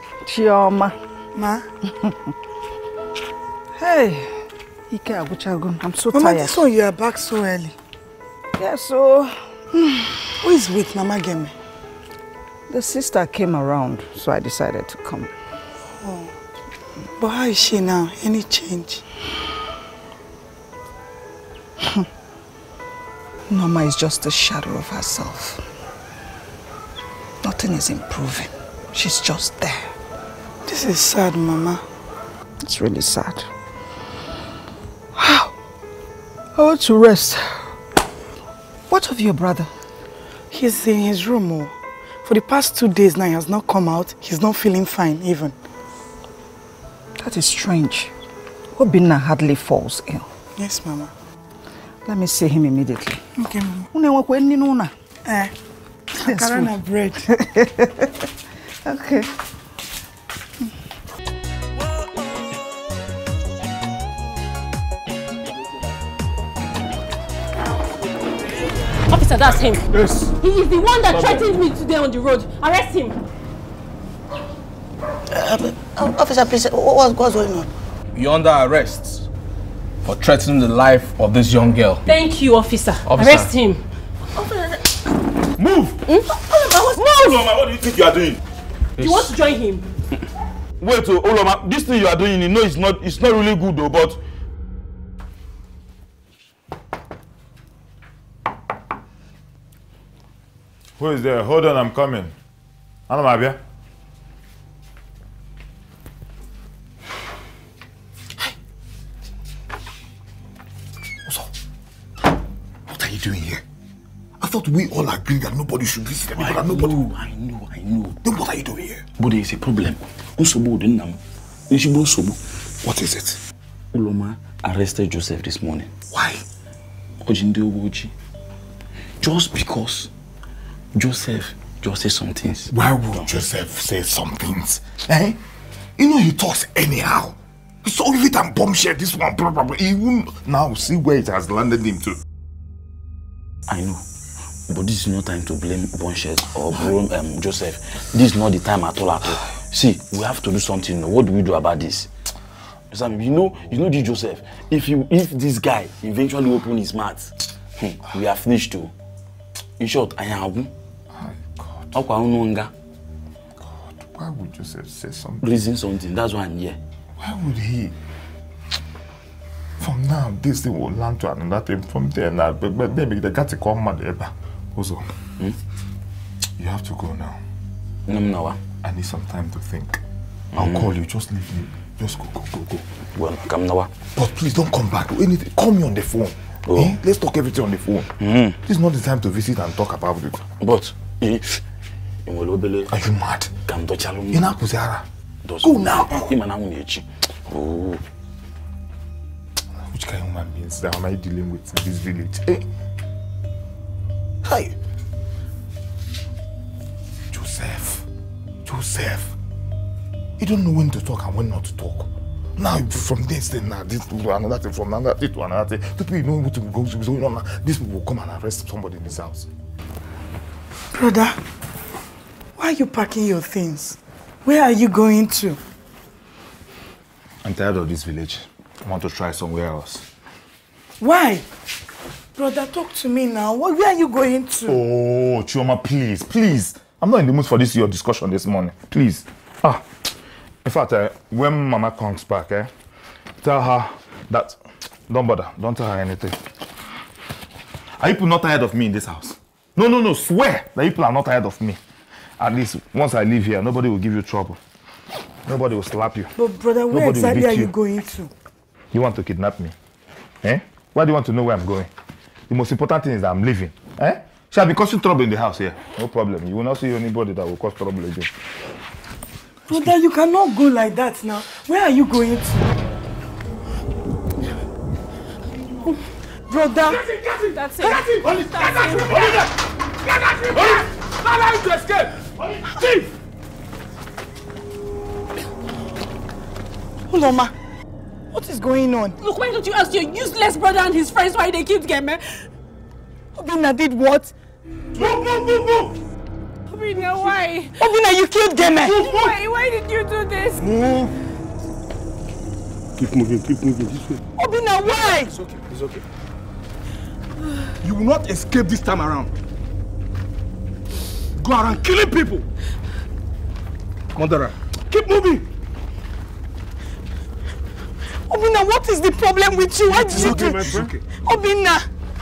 Chioma. Ma? hey, Ike Aguchago, I'm so Mama, tired. Mama, this one you are back so early. Yeah, so... Hmm. Who is with Mama Gemi? The sister came around, so I decided to come. Oh. But how is she now? Any change? Norma is just a shadow of herself. Nothing is improving. She's just there. This is sad, Mama. It's really sad. Wow. I want to rest. What of your brother? He's in his room. Oh. For the past two days now, he has not come out. He's not feeling fine, even. That is strange. Obina hardly falls ill. Yes, Mama. Let me see him immediately. Okay, Mama. Eh. Karana bread. okay. Officer, that's him. Yes. He is the one that threatened me today on the road. Arrest him. Uh, uh officer, please, what, what's going on? You're under arrest for threatening the life of this young girl. Thank you, officer. officer. Arrest him. Move! Hmm? Oh, oh, Move! Uloma, what do you think you are doing? Do you want to join him? Wait, oh, Uloma, this thing you are doing, you know, it's not, it's not really good, though, but Who is there? Hold on, I'm coming. Ana ma Oso, what are you doing here? I thought we all agreed that nobody should visit me, I nobody. Know, I know, I know. Then what are you doing here? But there is a problem. Nsogbu dị nna m. Nshigbu nsogbu. What is it? Uloma arrested Joseph this morning. Why? O ji Just because Joseph just say some things. Why would Joseph say some things? Eh? You know he talks anyhow. So lit and bombshell this one, blah blah blah. He will now see where it has landed him to. I know. But this is no time to blame Bonches or blame um, Joseph. This is not the time at all at all. See, we have to do something. What do we do about this? Sam, you know, you know this Joseph. If you if this guy eventually opens his mouth, hmm, we are finished too. In short, I am ọkọ àwọn ọmọ God, why would Joseph say something? Reason something, that's why I'm here. Why would he? From now, this thing will land to another thing. From there now, but, but maybe the guy to come mad ever. Eh, Ozo, hmm? you have to go now. No, no, no. I need some time to think. Mm. I'll hmm. call you. Just leave me. Just go, go, go, go. Well, come now. But please don't come back. Anything. Call me on the phone. Oh. Eh? Let's talk everything on the phone. Mm. This is not the time to visit and talk about it. But. Eh? are you mad ka m dọchalụ m ị na-apụzi go now ịma na anwụ which kind of human beings that am I dealing with in this village eh? hey. hi Joseph Joseph you don't know when to talk and when not to talk now from this thing now this to another thing from another thing to another thing people you know what to go to so you these people will come and arrest somebody in this house brother why are you packing your things? Where are you going to? I'm tired of this village. I want to try somewhere else. Why? Brother, talk to me now. Where are you going to? Oh, Chioma, please, please. I'm not in the mood for this your discussion this morning. Please. Ah. In fact, uh, when Mama comes back, eh, tell her that... Don't bother. Don't tell her anything. Are you people not tired of me in this house? No, no, no. Swear that you people are not tired of me. at least once I leave here, nobody will give you trouble. Nobody will slap you. But brother, where nobody exactly are you, you going to? You want to kidnap me? Eh? Why do you want to know where I'm going? The most important thing is that I'm leaving. Eh? Shall I be causing trouble in the house here? No problem. You will not see anybody that will cause trouble again. Brother, you cannot go like that now. Where are you going to? Brother. Get him, get him. That's it. Get him. Only, that's it. Only that. Get him. Only that. Allow him to escape! Thief! Uloma, what is going on? Look, why don't you ask your useless brother and his friends why they killed Gemme? Obina did what? Move, move, move, move! Obina, why? Obina, you killed Gemme! Why, why did you do this? Move! Keep moving, keep moving this way. Obina, why? It's okay, it's okay. You will not escape this time around. go around killing people. Murderer. Keep moving. Obina, what is the problem with you? What did you okay, do? My friend. Obina.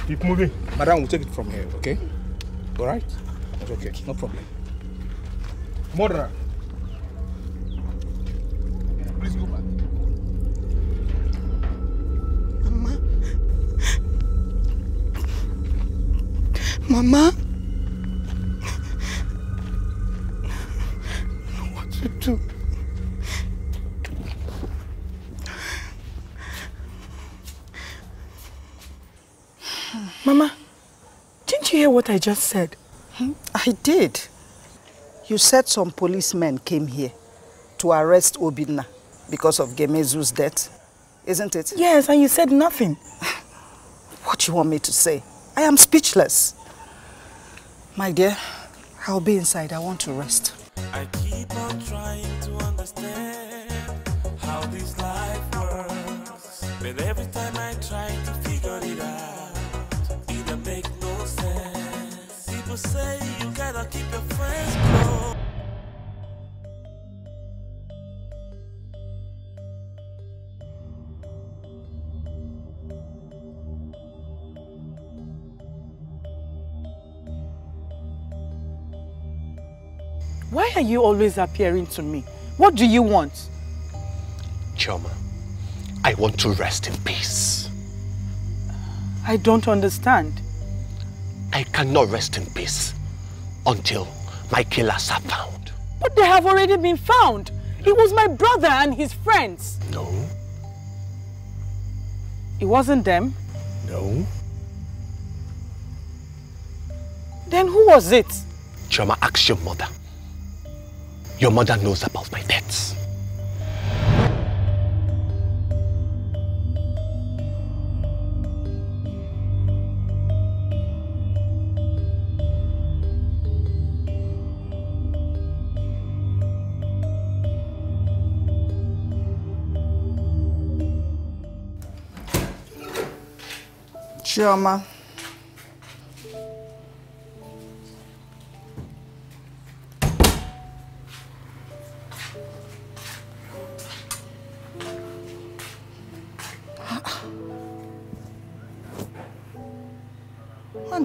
Keep moving. Madam, we'll take it from here, okay? All right? It's okay. No problem. Murderer. Please go back. Mama. Mama. to Mama, didn't you hear what I just said? Hmm? I did. You said some policemen came here to arrest Obina because of Gemezu's death, isn't it? Yes, and you said nothing. what do you want me to say? I am speechless. My dear, I'll be inside. I want to rest. I keep on trying to understand. Why are you always appearing to me? What do you want? Choma, I want to rest in peace. I don't understand. I cannot rest in peace until my killers are found. But they have already been found. It was my brother and his friends. No. It wasn't them? No. Then who was it? Choma, ask your mother. Your mother knows about my debts. Chioma.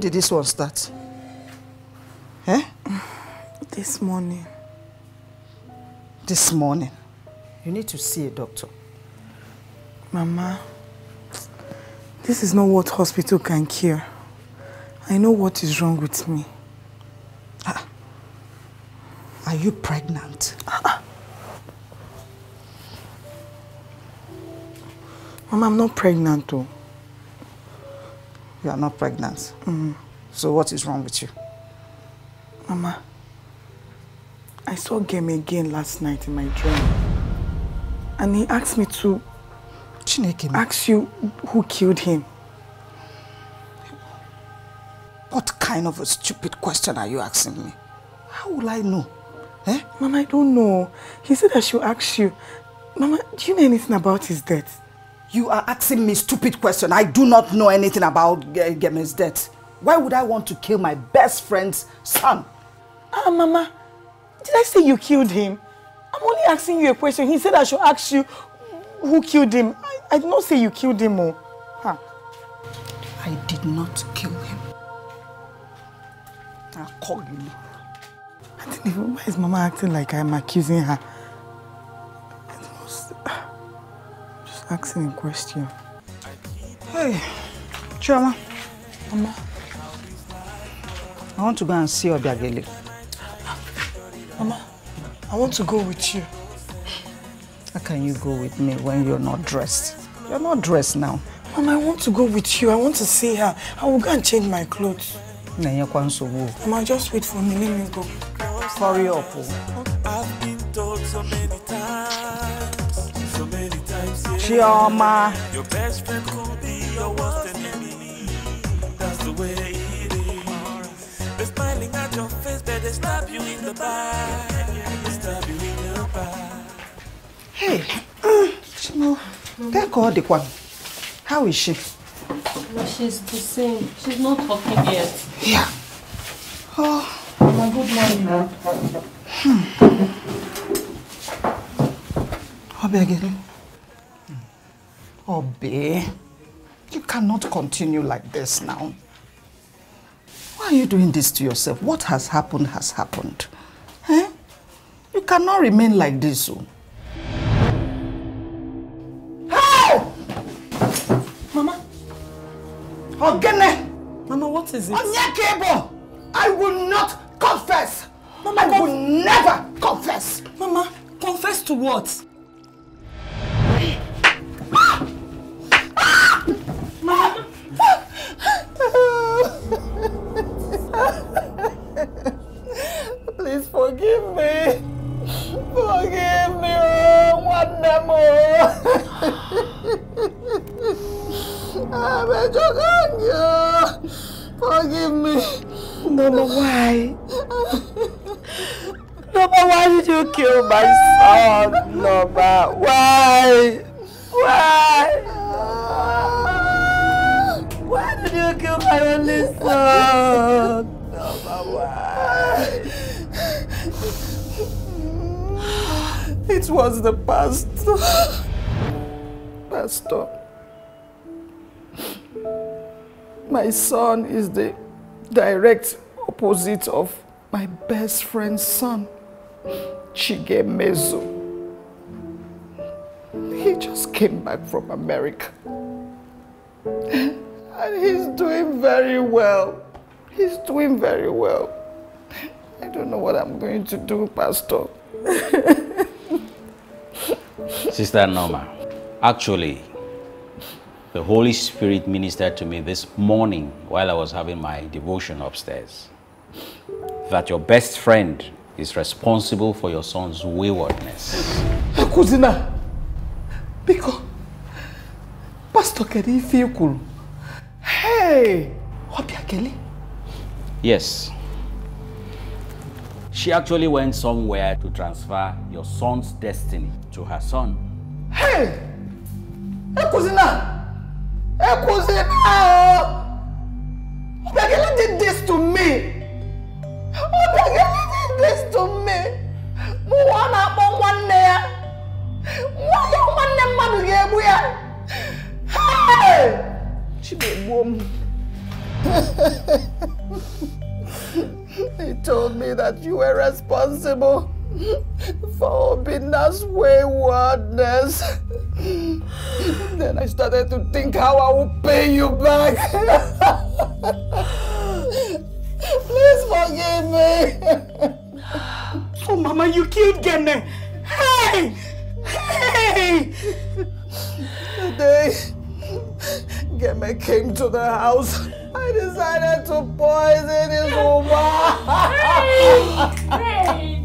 did this one start? Eh? This morning. This morning? You need to see a doctor. Mama, this is not what hospital can cure. I know what is wrong with me. Ah. Are you pregnant? Ah. Mama, I'm not pregnant though. You are not pregnant. Mm. So what is wrong with you? Mama, I saw Gemi again last night in my dream. And he asked me to Chineke. ask you who killed him. What kind of a stupid question are you asking me? How will I know? Eh? Mama, I don't know. He said I should ask you. Mama, do you know anything about his death? You are asking me stupid question. I do not know anything about Gemma's death. Why would I want to kill my best friend's son? Ah, Mama, did I say you killed him? I'm only asking you a question. He said I should ask you who killed him. I, I did not say you killed him, Huh. Oh. I did not kill him. I'll you. I didn't even, why is Mama acting like I'm accusing her? asking a question. Hey, Chama, Mama. I want to go and see Obiagele. Mama, I want to go with you. How can you go with me when you're not dressed? You're not dressed now. Mama, I want to go with you. I want to see her. I will go and change my clothes. Mama, just wait for me. Let me go. Hurry up. Oh. Chioma. Your best friend could be your worst enemy. That's the way it is. They're smiling at your face, stab you in the back. stab you in the back. Hey, Chimo, mm, that call the one. How is she? Well, she's the same. She's not talking yet. Yeah. Oh. My good morning, ma'am. Hmm. I'll be again. Obi, oh, you cannot continue like this now. Why are you doing this to yourself? What has happened has happened. Eh? You cannot remain like this. Oh. Hey! Mama. Ogene. Mama, what is it? Onyekebo, I will not confess. Mama, I will never confess. Mama, confess to what? Ah! Please forgive me. Forgive me, oh, one more. I am beg you, forgive me. No, no, why? Number, why did you kill my son? Number, why? I understand. Oh, my wife. It was the pastor. Pastor. My son is the direct opposite of my best friend's son, Chige Mezo. He just came back from America. And he's doing very well. He's doing very well. I don't know what I'm going to do, Pastor. Sister Norma, actually, the Holy Spirit ministered to me this morning while I was having my devotion upstairs that your best friend is responsible for your son's waywardness. Akuzina, because Pastor Kedifi Kulu. Hey! Obia Obiakele? Yes. She actually went somewhere to transfer your son's destiny to her son. Hey! Ekuzina! Obia Obiakele did this to me! Obia Obiakele did this to me! Mu wa na-akpọ nwanne ya! Nwa ya nwanne mmadụ ya! Hey! she be a woman. he told me that you were responsible for Obina's waywardness. then I started to think how I would pay you back. Please forgive me. oh, Mama, you killed Gene. Hey! Hey! Today, Gemme came to the house. I decided to poison his woman. Hey! Hey!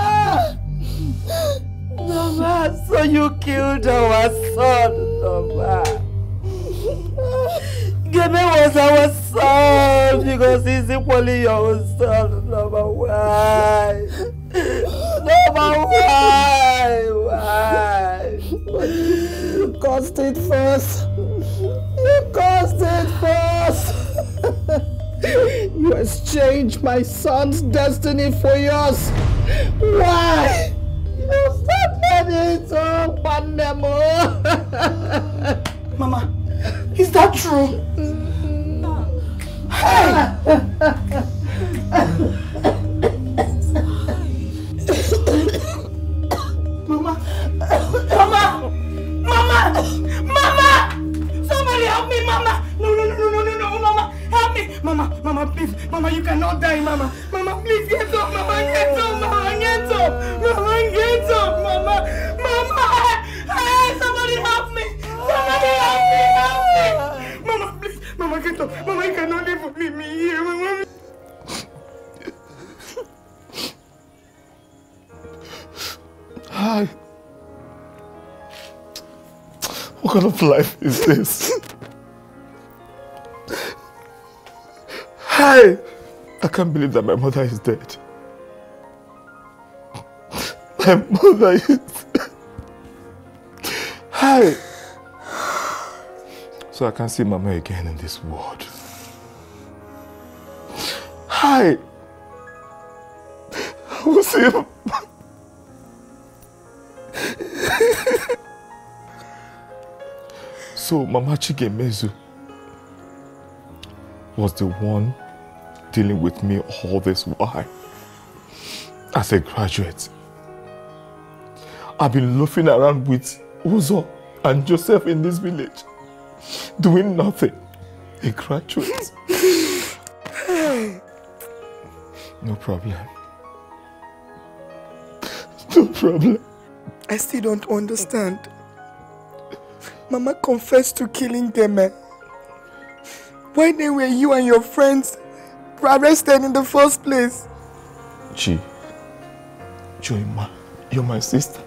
Hey! Mama, so you killed our son, mama? Baby was our son because he's equally your son. Number why? Number why? Why? You caused it first. You caused it first. you exchanged my son's destiny for yours. Why? You started it so Pandemo. Mama. Is that true? Hey! Mama! Mama! Mama! Mama! Somebody help me, Mama! No, no, no, no, no, no, no, Mama! Help me! Mama, Mama, please! Mama, you cannot die, Mama! Mama, please get up! Mama, get up! Mama, get up! Mama, get up! Mama! Mama! Mama, please. Mama, get up. Mama, you cannot leave, leave me here. Mama. Hi. What kind of life is this? Hi! I can't believe that my mother is dead. My mother is Hi! so I can see Mama again in this world. Hi! I will see so Mama Chigemezu was the one dealing with me all this while as a graduate. I've been loafing around with Uzo and Joseph in this village doing nothing. A graduate. no problem. No problem. I still don't understand. Mama confessed to killing them. Eh? Why then were you and your friends arrested in the first place? Chi, Joima, you're my sister.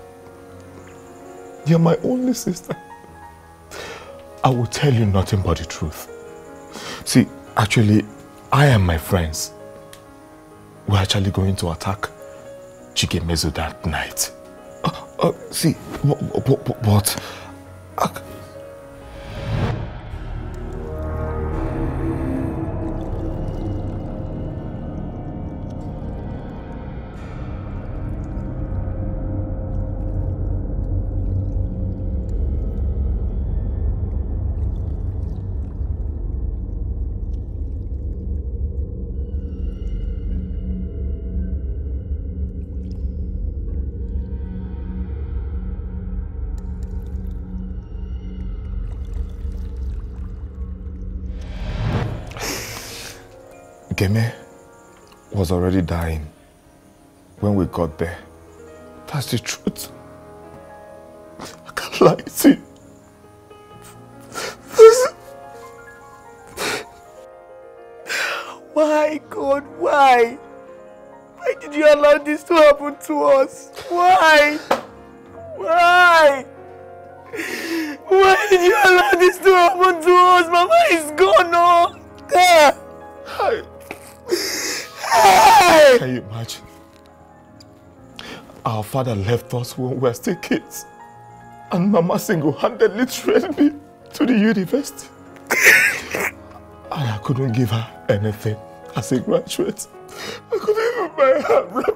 You're my only sister. I will tell you nothing but the truth. See, actually, I and my friends were actually going to attack Chigemezu that night. Uh, uh, see, but, but, but was already dying when we got there. That's the truth. father left us when we were still kids. And Mama single-handedly trained me to the university. and I couldn't give her anything as a graduate. I couldn't even buy her a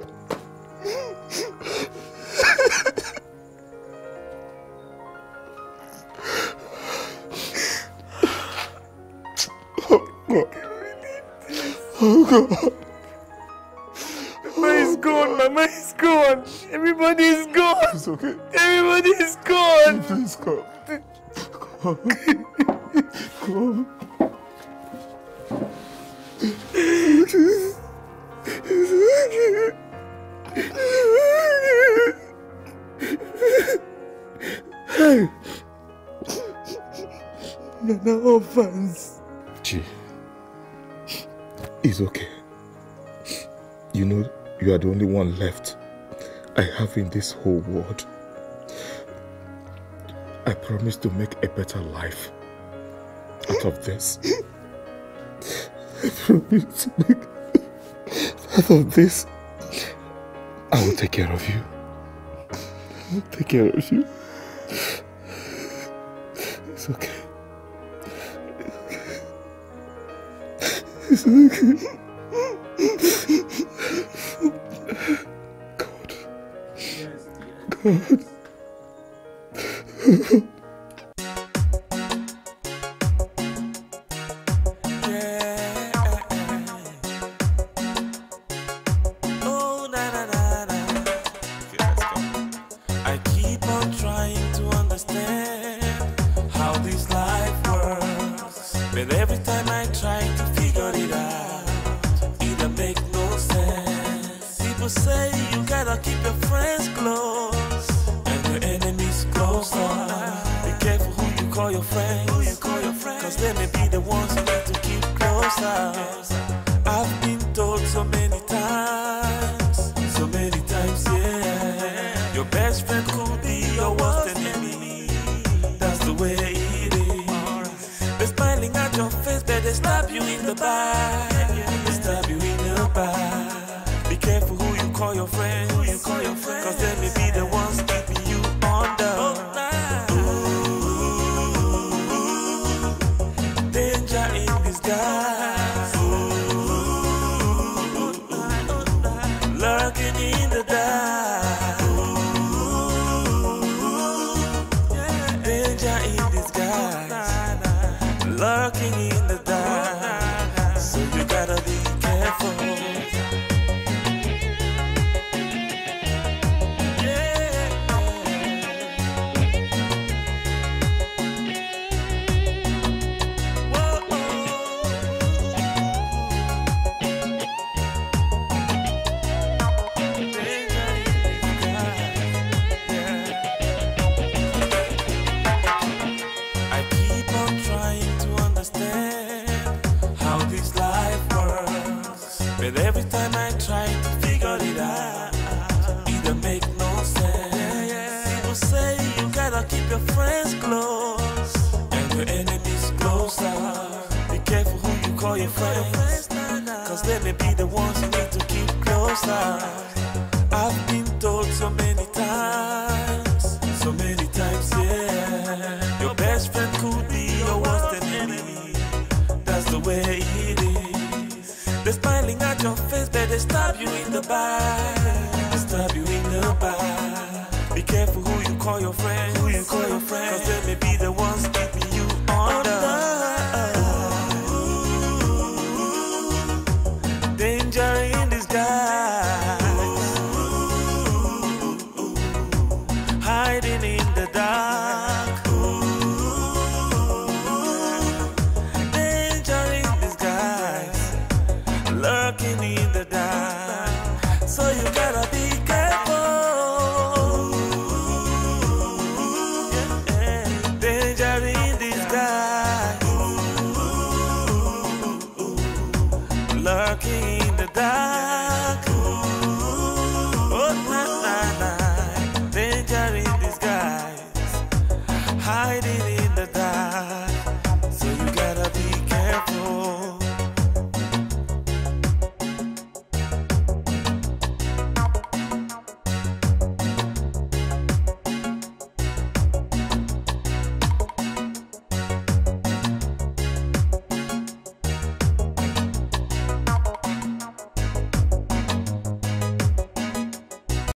oh God. Oh God. no, no offense. orphans. Chi, it's okay. You know, you are the only one left I have in this whole world promise to make a better life out of this. I promise to make out of this. I will take care of you. I will take care of you. It's okay. It's okay. It's okay. God. God.